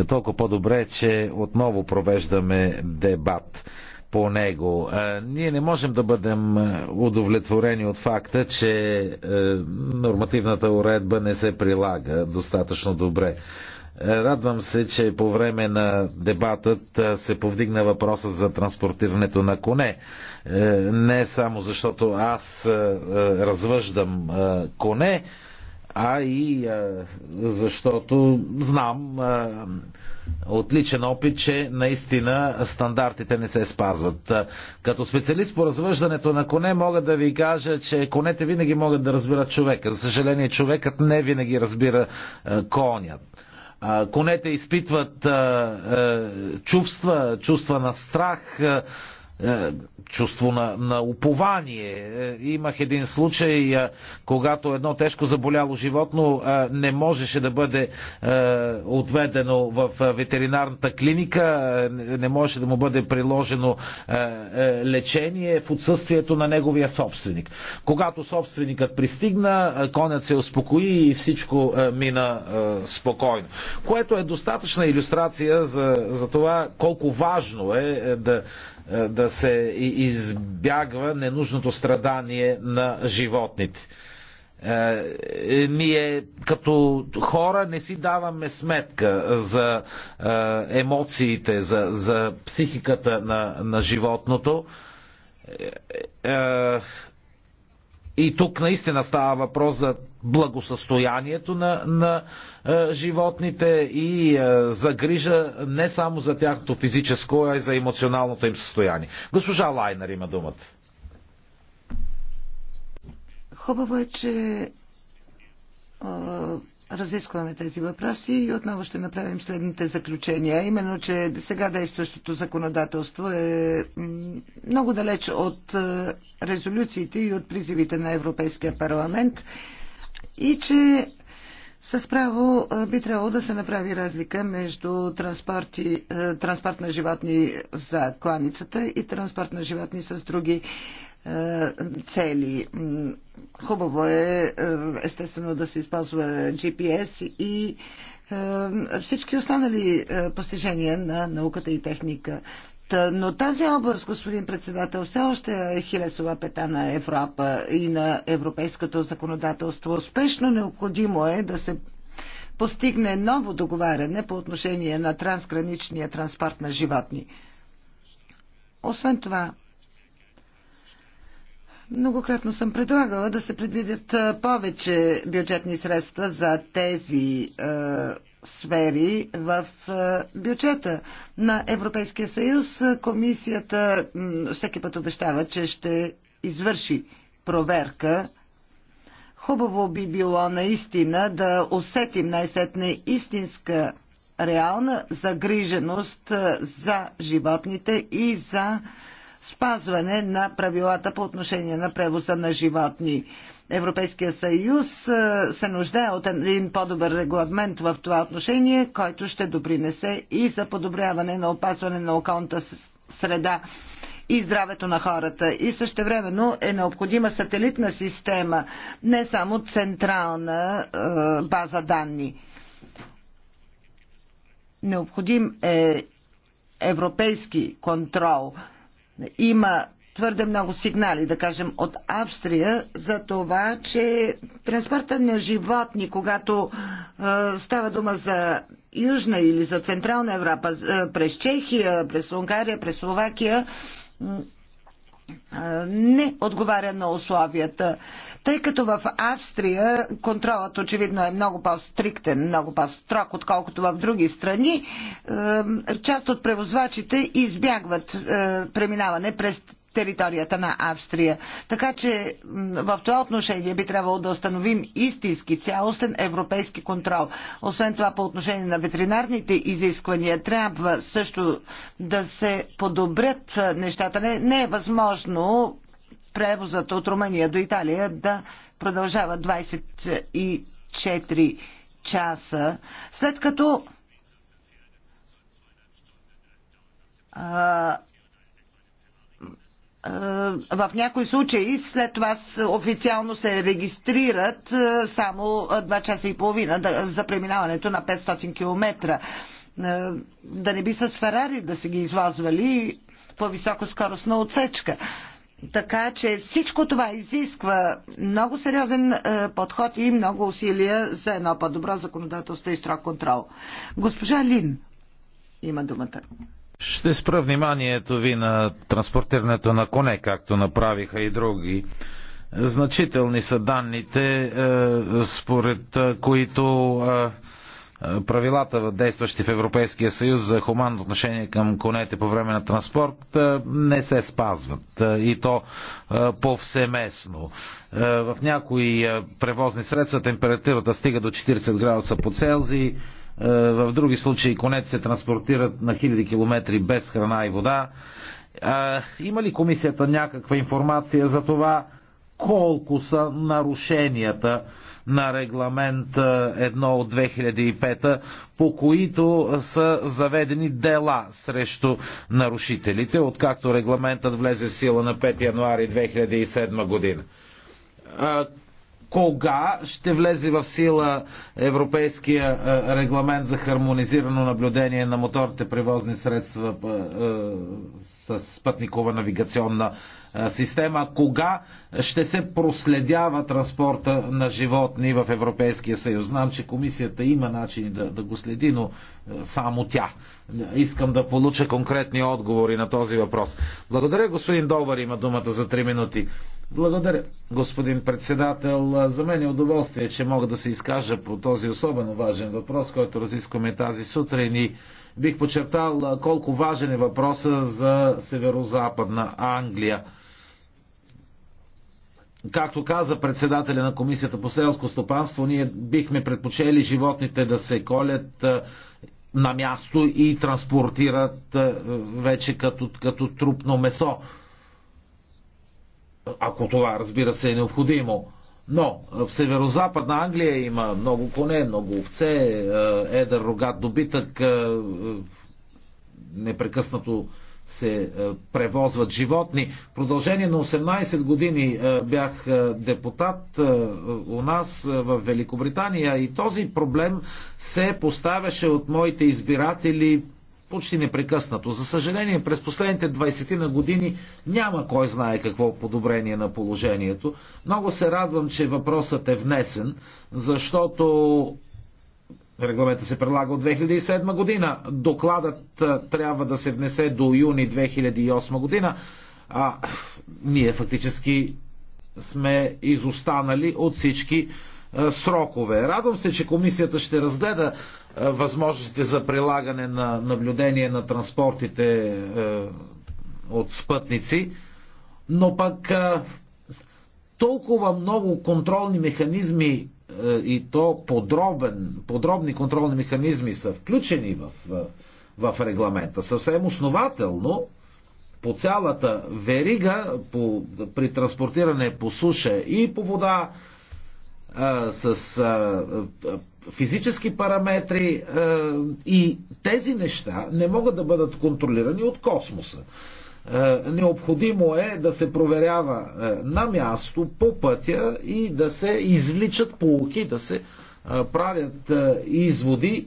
толкова по-добре, че отново провеждаме дебат по него. Е, ние не можем да бъдем е, удовлетворени от факта, че нормативната уредба не се прилага достатъчно добре. Радвам се, че по време на дебатът се повдигна въпроса за транспортирането на коне. Е, не само защото аз развъждам коне, а и защото знам отличен опит, че наистина стандартите не се спазват. Като специалист по развъждането на коне мога да ви кажа, че конете винаги могат да разбират човека. За съжаление, човекът не винаги разбира конят. Конете изпитват чувства, чувства на страх, е, чувство на, на упование. Е, имах един случай, е, когато едно тежко заболяло животно не можеше да бъде отведено в ветеринарната клиника, не можеше да му бъде приложено лечение в отсъствието на неговия собственик. Когато собственикът пристигна, конят се успокои и всичко мина спокойно. Което е достатъчна иллюстрация за, за това колко важно е да е, да се избягва ненужното страдание на животните. Е, е, ние като хора не си даваме сметка за емоциите, за, за психиката на, на животното и тук наистина става въпрос за благосъстоянието на, на е, животните и е, за грижа не само за тяхното физическо, а и за емоционалното им състояние. Госпожа Лайнер има думата.
Хубаво е, че е, разискваме тези въпроси и отново ще направим следните заключения. Именно, че сега действащото законодателство е много далеч от е, резолюциите и от призивите на Европейския парламент и че с право е, би трябвало да се направи разлика между транспорт, и, е, транспорт на животни за кланицата и транспорт на животни с други е, цели. Хубаво е, е естествено да се използва GPS и е, всички останали постижения на науката и техника. Но тази област, господин председател, все още е хилесова пета на Европа и на европейското законодателство. Успешно необходимо е да се постигне ново договаряне по отношение на трансграничния транспорт на животни. Освен това, Многократно съм предлагала да се предвидят повече бюджетни средства за тези е, сфери в е, бюджета на Европейския съюз. Комисията всеки път обещава, че ще извърши проверка. Хубаво би било наистина да усетим най-сетне истинска реална загриженост за животните и за спазване на правилата по отношение на превоза на животни. Европейския съюз е, се нуждае от един по-добър регламент в това отношение, който ще допринесе и за подобряване на опазване на околната среда и здравето на хората. И също времено е необходима сателитна система, не само централна е, база данни. Необходим е европейски контрол – има твърде много сигнали, да кажем, от Австрия за това, че транспорта на животни, когато е, става дума за Южна или за Централна Европа, е, през Чехия, през Унгария, през Словакия, не отговаря на условията, тъй като в Австрия контролът очевидно е много по-стриктен, много по-строг, отколкото в други страни. Част от превозвачите избягват преминаване през територията на Австрия. Така че в това отношение би трябвало да установим истински цялостен европейски контрол. Освен това, по отношение на ветеринарните изисквания, трябва също да се подобрят нещата. Не, не е възможно превозът от Румъния до Италия да продължава 24 часа, след като а, е, в някои случаи след това официално се регистрират е, само 2 часа и половина за преминаването на 500 км. Е, да не би с Ферари да са ги излазвали по скоростна отсечка. Така че всичко това изисква много сериозен подход и много усилия за едно по-добро законодателство и строг контрол. Госпожа Лин има думата.
Ще спра вниманието ви на транспортирането на коне, както направиха и други. Значителни са данните, е, според е, които е, правилата, действащи в Европейския съюз за хуманно отношение към конете по време на транспорт, не се спазват. И то повсеместно. В някои превозни средства температурата стига до 40 градуса по Целзий е, в други случаи конец се транспортират на хиляди километри без храна и вода. Е, има ли комисията някаква информация за това колко са нарушенията на регламент 1 е, от 2005, по които са заведени дела срещу нарушителите, откакто регламентът влезе в сила на 5 януари 2007 година? кога ще влезе в сила европейския е, регламент за хармонизирано наблюдение на моторните превозни средства е, е, с пътникова навигационна система. Кога ще се проследява транспорта на животни в Европейския съюз? Знам, че комисията има начини да, да го следи, но само тя. Искам да получа конкретни отговори на този въпрос. Благодаря, господин Довар, има думата за 3 минути. Благодаря, господин председател. За мен е удоволствие, че мога да се изкажа по този особено важен въпрос, който разискваме тази сутрин и бих подчертал колко важен е въпроса за северо-западна Англия. Както каза председателя на Комисията по селско стопанство, ние бихме предпочели животните да се колят на място и транспортират вече като, като трупно месо. Ако това, разбира се, е необходимо. Но в северо-западна Англия има много коне, много овце, едър рогат добитък, непрекъснато се е, превозват животни. В продължение на 18 години е, бях е, депутат у нас в Великобритания и този проблем се поставяше от моите избиратели почти непрекъснато. За съжаление, през последните 20 на години няма кой знае какво подобрение на положението. Много се радвам, че въпросът е внесен, защото Регламента се предлага от 2007 година. Докладът трябва да се внесе до юни 2008 година. А ние фактически сме изостанали от всички срокове. Радвам се, че комисията ще разгледа възможностите за прилагане на наблюдение на транспортите от спътници, но пък толкова много контролни механизми е, и то подробен, подробни контролни механизми са включени в, е, в регламента. Съвсем основателно по цялата верига по, при транспортиране по суша и по вода е, с а, физически параметри а, и тези неща не могат да бъдат контролирани от космоса. Е, необходимо е да се проверява е, на място, по пътя и да се извличат полки, да се е, правят изводи,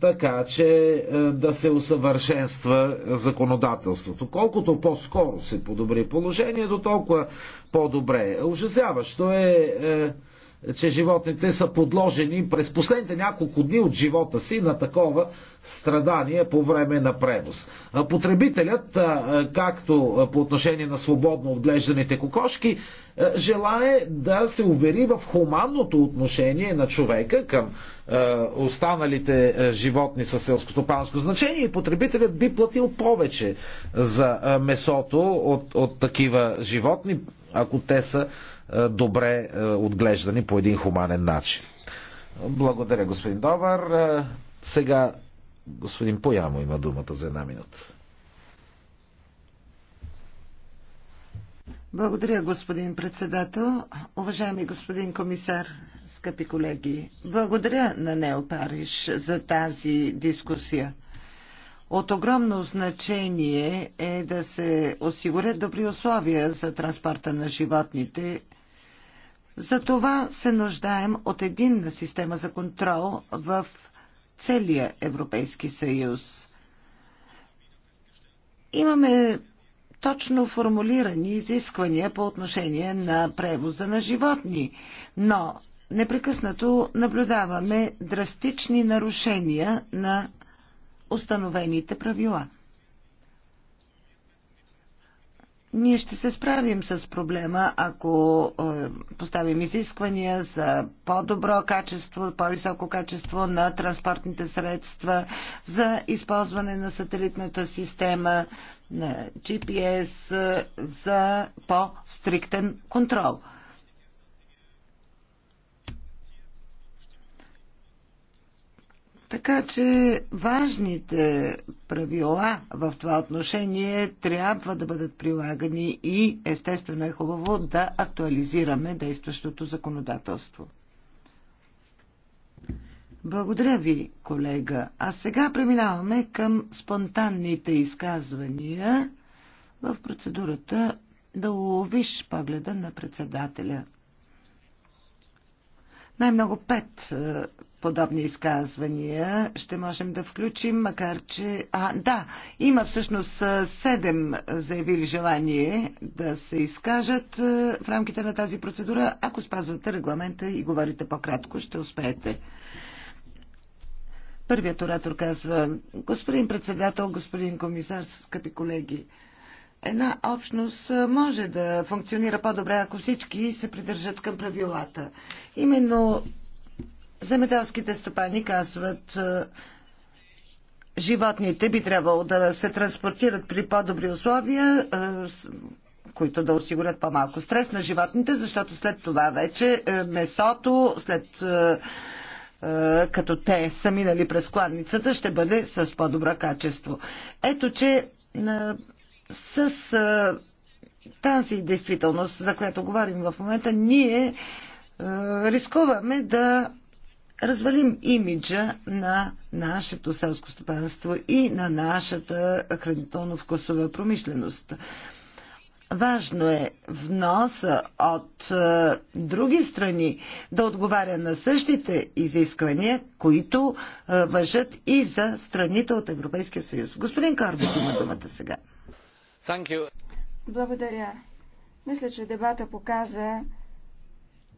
така че да се усъвършенства законодателството. Колкото по-скоро се подобри положението, толкова по-добре. Ужасяващо е че животните са подложени през последните няколко дни от живота си на такова страдание по време на превоз. Потребителят, както по отношение на свободно отглежданите кокошки, желае да се увери в хуманното отношение на човека към останалите животни със селско-топанско значение и потребителят би платил повече за месото от, от такива животни, ако те са е, добре е, отглеждани по един хуманен начин. Благодаря, господин Довар. Е, сега господин Поямо има думата за една минута.
Благодаря, господин председател. Уважаеми господин комисар, скъпи колеги, благодаря на Нел Париж за тази дискусия. От огромно значение е да се осигурят добри условия за транспорта на животните затова се нуждаем от единна система за контрол в целия Европейски съюз. Имаме точно формулирани изисквания по отношение на превоза на животни, но непрекъснато наблюдаваме драстични нарушения на установените правила. Ние ще се справим с проблема, ако е, поставим изисквания за по-добро качество, по-високо качество на транспортните средства, за използване на сателитната система, на GPS, за по-стриктен контрол. Така че важните правила в това отношение трябва да бъдат прилагани и естествено е хубаво да актуализираме действащото законодателство. Благодаря ви, колега. А сега преминаваме към спонтанните изказвания в процедурата да уловиш погледа на председателя. Най-много пет е, подобни изказвания ще можем да включим, макар че... А, да, има всъщност е, седем е, заявили желание да се изкажат в рамките на тази процедура. Ако спазвате регламента и говорите по-кратко, ще успеете. Първият оратор казва, господин председател, господин комисар, скъпи колеги, една общност може да функционира по-добре, ако всички се придържат към правилата. Именно земеделските стопани казват, животните би трябвало да се транспортират при по-добри условия, които да осигурят по-малко стрес на животните, защото след това вече месото, след като те са минали през кладницата, ще бъде с по-добро качество. Ето, че с тази действителност, за която говорим в момента, ние рискуваме да развалим имиджа на нашето селско стопанство и на нашата хранително-вкусова промишленост. Важно е вноса от е, други страни да отговаря на същите изисквания, които е, въжат и за страните от Европейския съюз. Господин Карбов има думата сега.
Благодаря. Мисля, че дебата показа,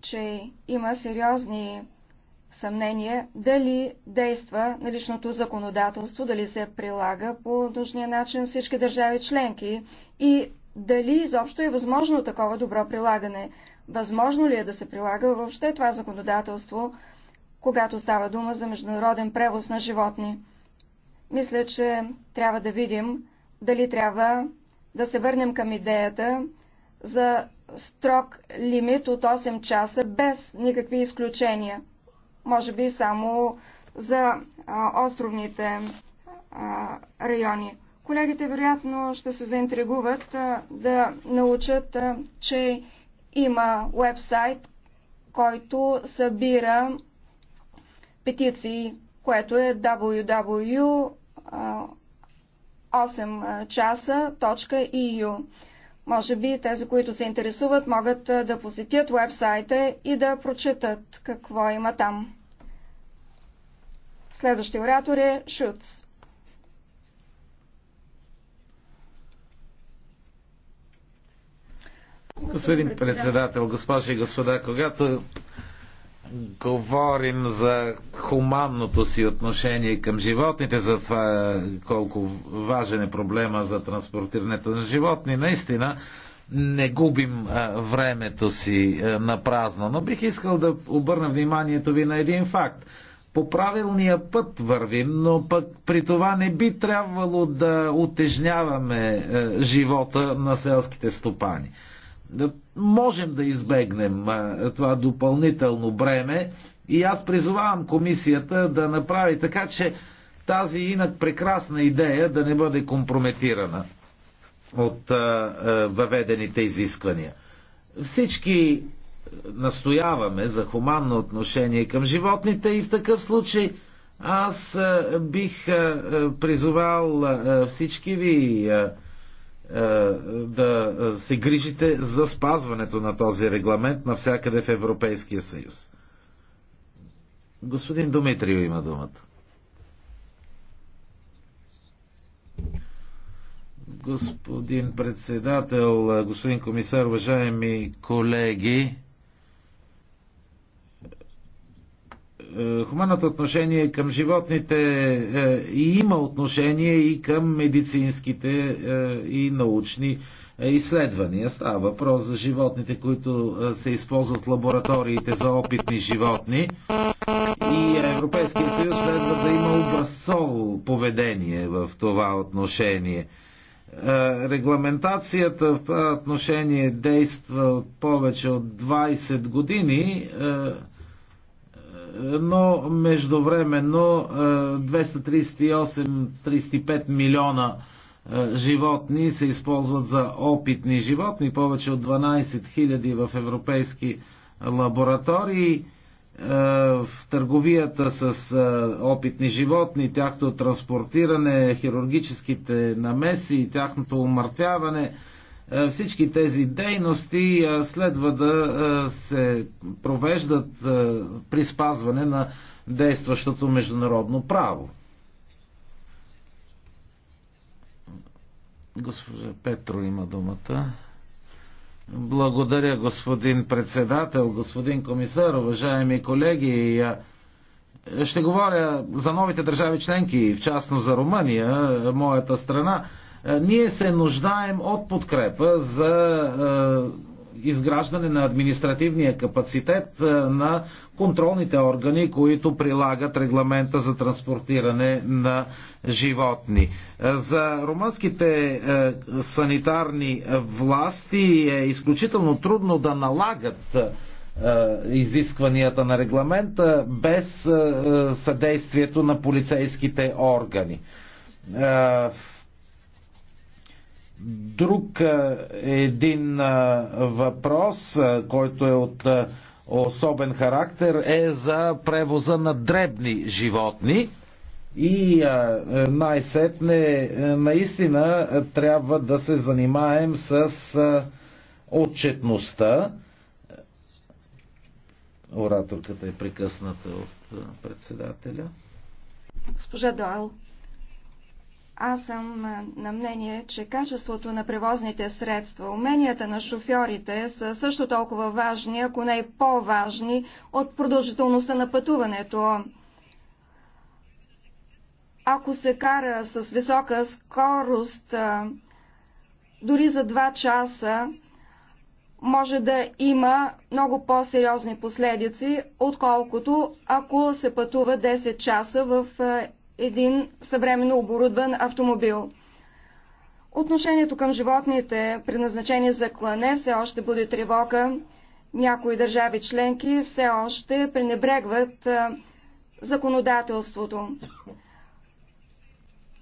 че има сериозни съмнения дали действа наличното законодателство, дали се прилага по нужния начин всички държави членки и дали изобщо е възможно такова добро прилагане. Възможно ли е да се прилага въобще това законодателство, когато става дума за международен превоз на животни? Мисля, че трябва да видим дали трябва да се върнем към идеята за строг лимит от 8 часа без никакви изключения. Може би само за а, островните а, райони. Колегите вероятно ще се заинтригуват а, да научат, а, че има вебсайт, който събира петиции, което е www 8 часа точка .eu. Може би тези, които се интересуват, могат да посетят вебсайта и да прочетат какво има там. Следващия оратор е Шуц.
Господин председател, госпожи и господа, когато говорим за хуманното си отношение към животните, за това колко важен е проблема за транспортирането на животни. Наистина не губим времето си на празно, но бих искал да обърна вниманието ви на един факт. По правилния път вървим, но пък при това не би трябвало да отежняваме живота на селските стопани да можем да избегнем това допълнително бреме и аз призовавам комисията да направи така, че тази инак прекрасна идея да не бъде компрометирана от въведените изисквания. Всички настояваме за хуманно отношение към животните и в такъв случай аз бих призовал всички ви е, да се грижите за спазването на този регламент навсякъде в Европейския съюз. Господин Дмитрио има думата. Господин председател, е, господин комисар, уважаеми колеги, Е, хуманното отношение към животните е, и има отношение и към медицинските е, и научни изследвания. Става въпрос за животните, които се използват в лабораториите за опитни животни. И Европейския съюз следва да има образцово поведение в това отношение. Регламентацията в това отношение действа повече от 20 години но междувременно 238-35 е, милиона е, животни се използват за опитни животни, повече от 12 000 в европейски лаборатории. Е, в търговията с опитни животни, тяхното транспортиране, хирургическите намеси, тяхното умъртвяване – е, всички тези дейности е, следва да е, се провеждат при спазване на действащото международно право. Госпожа Петро има думата. Благодаря, господин председател, господин комисар, уважаеми колеги. Ще говоря за новите държави членки, в частно за Румъния, моята страна. Е, ние се нуждаем от подкрепа за е, изграждане на административния капацитет е, на контролните органи, които прилагат регламента за транспортиране на животни. За румънските санитарни власти е изключително трудно да налагат изискванията на регламента без съдействието на полицейските органи Друг е, един е, въпрос, е, който е от особен характер, е за превоза на дребни животни. И най-сетне наистина трябва да се занимаем с отчетността. Ораторката е прекъсната от
председателя.
Госпожа Дойл. Аз съм на мнение, че качеството на превозните средства, уменията на шофьорите са също толкова важни, ако не и е по-важни от продължителността на пътуването. Ако се кара с висока скорост, дори за 2 часа, може да има много по-сериозни последици, отколкото ако се пътува 10 часа в един съвременно оборудван автомобил. Отношението към животните, предназначени за клане, все още бъде тревога. Някои държави членки все още пренебрегват законодателството.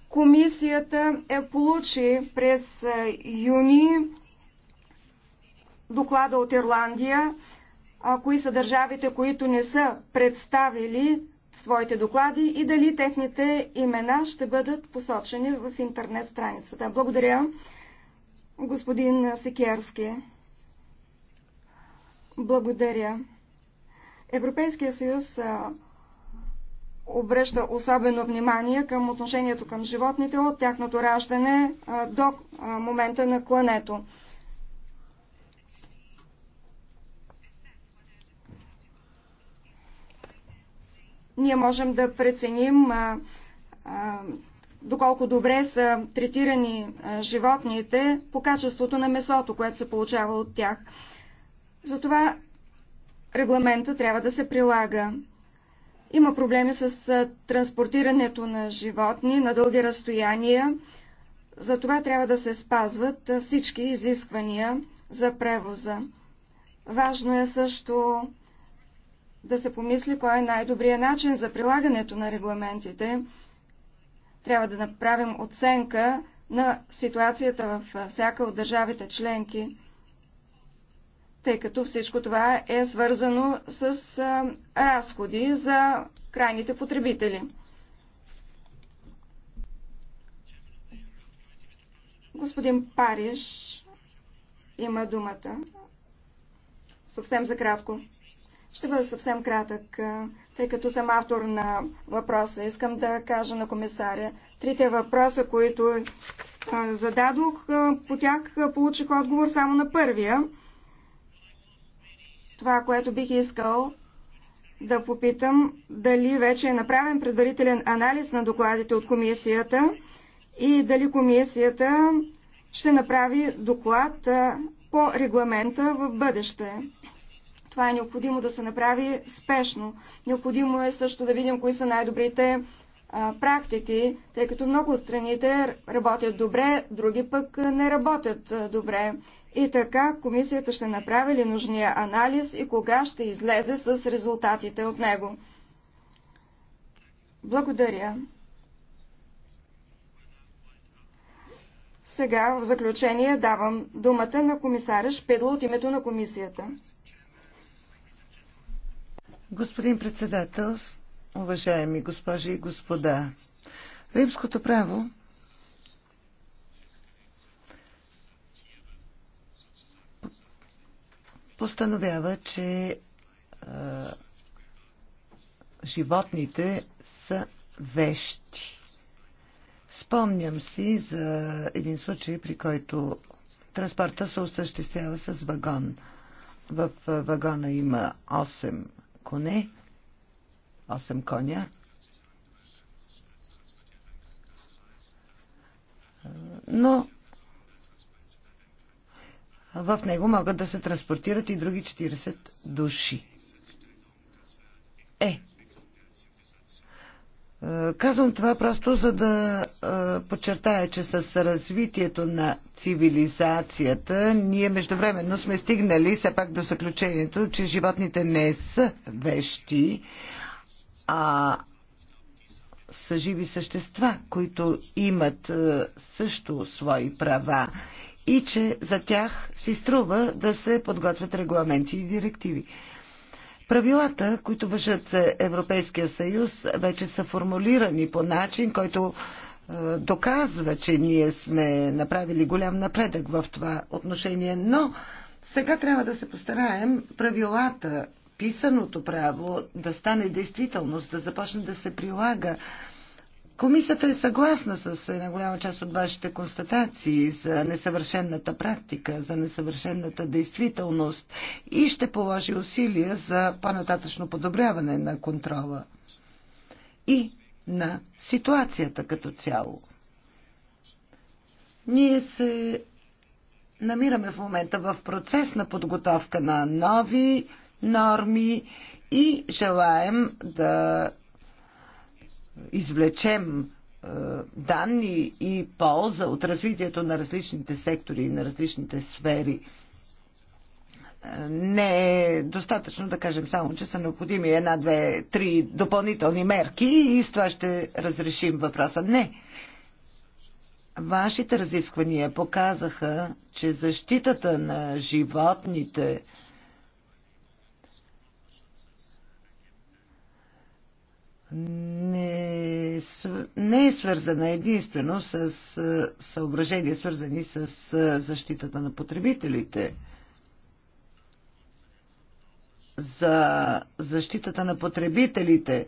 Комисията е получи през юни доклада от Ирландия, кои са държавите, които не са представили своите доклади и дали техните имена ще бъдат посочени в интернет страницата. Благодаря, господин Секерски. Благодаря. Европейския съюз обръща особено внимание към отношението към животните от тяхното раждане до момента на клането. ние можем да преценим а, а, доколко добре са третирани а, животните по качеството на месото, което се получава от тях. Затова регламента трябва да се прилага. Има проблеми с а, транспортирането на животни на дълги разстояния. Затова трябва да се спазват всички изисквания за превоза. Важно е също да се помисли кой е най-добрият начин за прилагането на регламентите. Трябва да направим оценка на ситуацията в всяка от държавите членки, тъй като всичко това е свързано с разходи за крайните потребители. Господин Париж има думата. Съвсем за кратко. Ще бъда съвсем кратък, тъй като съм автор на въпроса. Искам да кажа на комисаря. Трите въпроса, които зададох, по тях получих отговор само на първия. Това, което бих искал да попитам, дали вече е направен предварителен анализ на докладите от комисията и дали комисията ще направи доклад по регламента в бъдеще. Това е необходимо да се направи спешно. Необходимо е също да видим кои са най-добрите практики, тъй като много от страните работят добре, други пък не работят добре. И така комисията ще направи ли нужния анализ и кога ще излезе с резултатите от него. Благодаря. Сега в заключение давам думата на комисаря Шпидло от името на комисията.
Господин председател, уважаеми госпожи и господа, римското право постановява, че а, животните са вещи. Спомням си за един случай, при който транспорта се осъществява с вагон. В вагона има 8 коне, 8 коня. Но в него могат да се транспортират и други 40 души. Е, е, казвам това просто за да е, подчертая, че с развитието на цивилизацията ние междувременно сме стигнали все пак до заключението, че животните не са вещи, а са живи същества, които имат е, също свои права и че за тях си струва да се подготвят регламенти и директиви. Правилата, които въжат за Европейския съюз, вече са формулирани по начин, който е, доказва, че ние сме направили голям напредък в това отношение, но сега трябва да се постараем правилата, писаното право да стане действителност, да започне да се прилага Комисията е съгласна с една голяма част от вашите констатации за несъвършенната практика, за несъвършенната действителност и ще положи усилия за по-нататъчно подобряване на контрола и на ситуацията като цяло. Ние се намираме в момента в процес на подготовка на нови норми и желаем да извлечем е, данни и полза от развитието на различните сектори и на различните сфери. Е, не е достатъчно да кажем само, че са необходими една, две, три допълнителни мерки и с това ще разрешим въпроса. Не. Вашите разисквания показаха, че защитата на животните, не, е не е свързана единствено с е, съображения, свързани с е, защитата на потребителите. За защитата на потребителите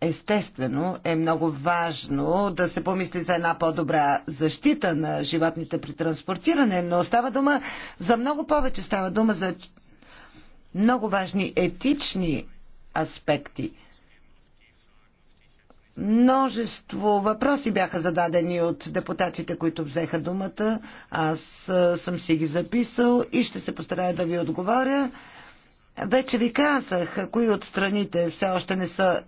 Естествено е много важно да се помисли за една по-добра защита на животните при транспортиране, но става дума за много повече. Става дума за много важни етични аспекти. Множество въпроси бяха зададени от депутатите, които взеха думата. Аз съм си ги записал и ще се постарая да ви отговоря. Вече ви казах, кои от страните все още не са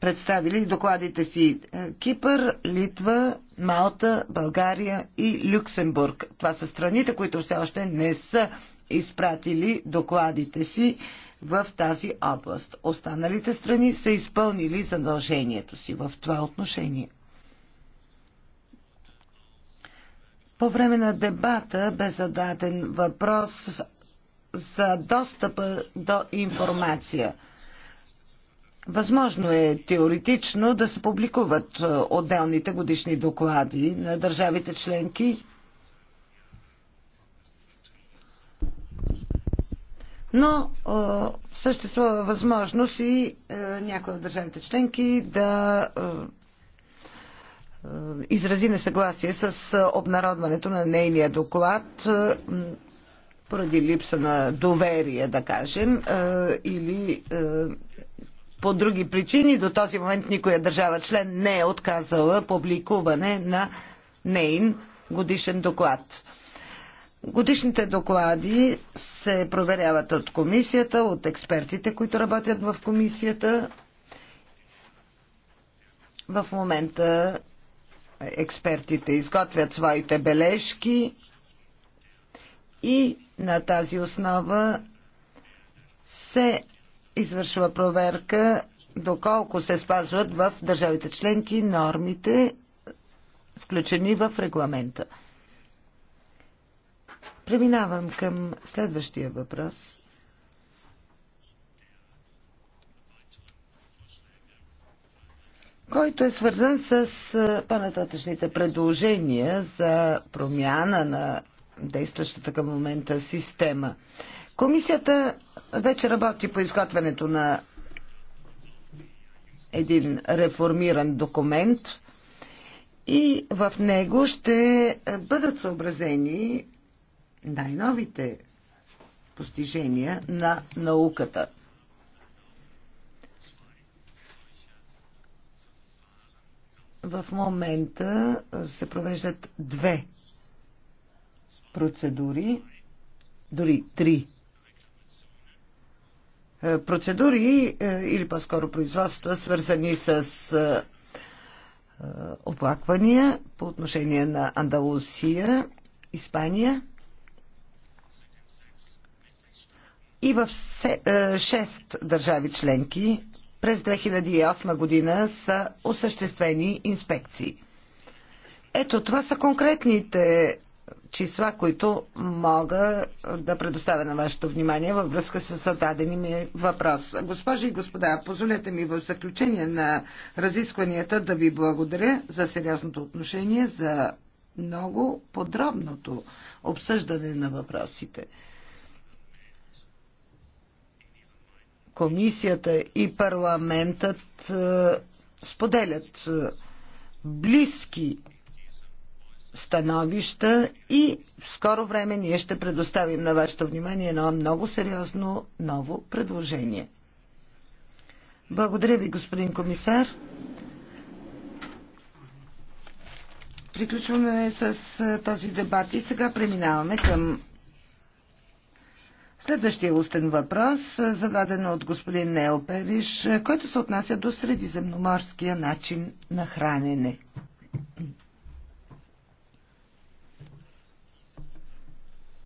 представили докладите си Кипър, Литва, Малта, България и Люксембург. Това са страните, които все още не са изпратили докладите си в тази област. Останалите страни са изпълнили задължението си в това отношение. По време на дебата бе зададен въпрос за достъпа до информация. Възможно е теоретично да се публикуват е, отделните годишни доклади на държавите членки Но а, съществува възможност и а, някои от държавите членки да а, изрази несъгласие с обнародването на нейния доклад а, поради липса на доверие, да кажем, а, или а, по други причини. До този момент никоя държава член не е отказала публикуване на нейн годишен доклад. Годишните доклади се проверяват от комисията, от експертите, които работят в комисията. В момента експертите изготвят своите бележки и на тази основа се извършва проверка доколко се спазват в държавите членки нормите, включени в регламента. Преминавам към следващия въпрос. който е свързан с по-нататъчните предложения за промяна на действащата към момента система. Комисията вече работи по изготвянето на един реформиран документ и в него ще бъдат съобразени най-новите постижения на науката. В момента се провеждат две процедури, дори три процедури или по-скоро производства, свързани с оплаквания по отношение на Андалусия, Испания – и в 6 е, държави членки през 2008 година са осъществени инспекции. Ето, това са конкретните числа, които мога да предоставя на вашето внимание във връзка с зададени ми въпрос. Госпожи и господа, позволете ми в заключение на разискванията да ви благодаря за сериозното отношение, за много подробното обсъждане на въпросите. комисията и парламентът е, споделят е, близки становища и в скоро време ние ще предоставим на вашето внимание едно много сериозно ново предложение. Благодаря ви, господин комисар. Приключваме с е, този дебат и сега преминаваме към Следващия устен въпрос, е, зададен от господин Нел Периш, е, който се отнася до средиземноморския начин на хранене.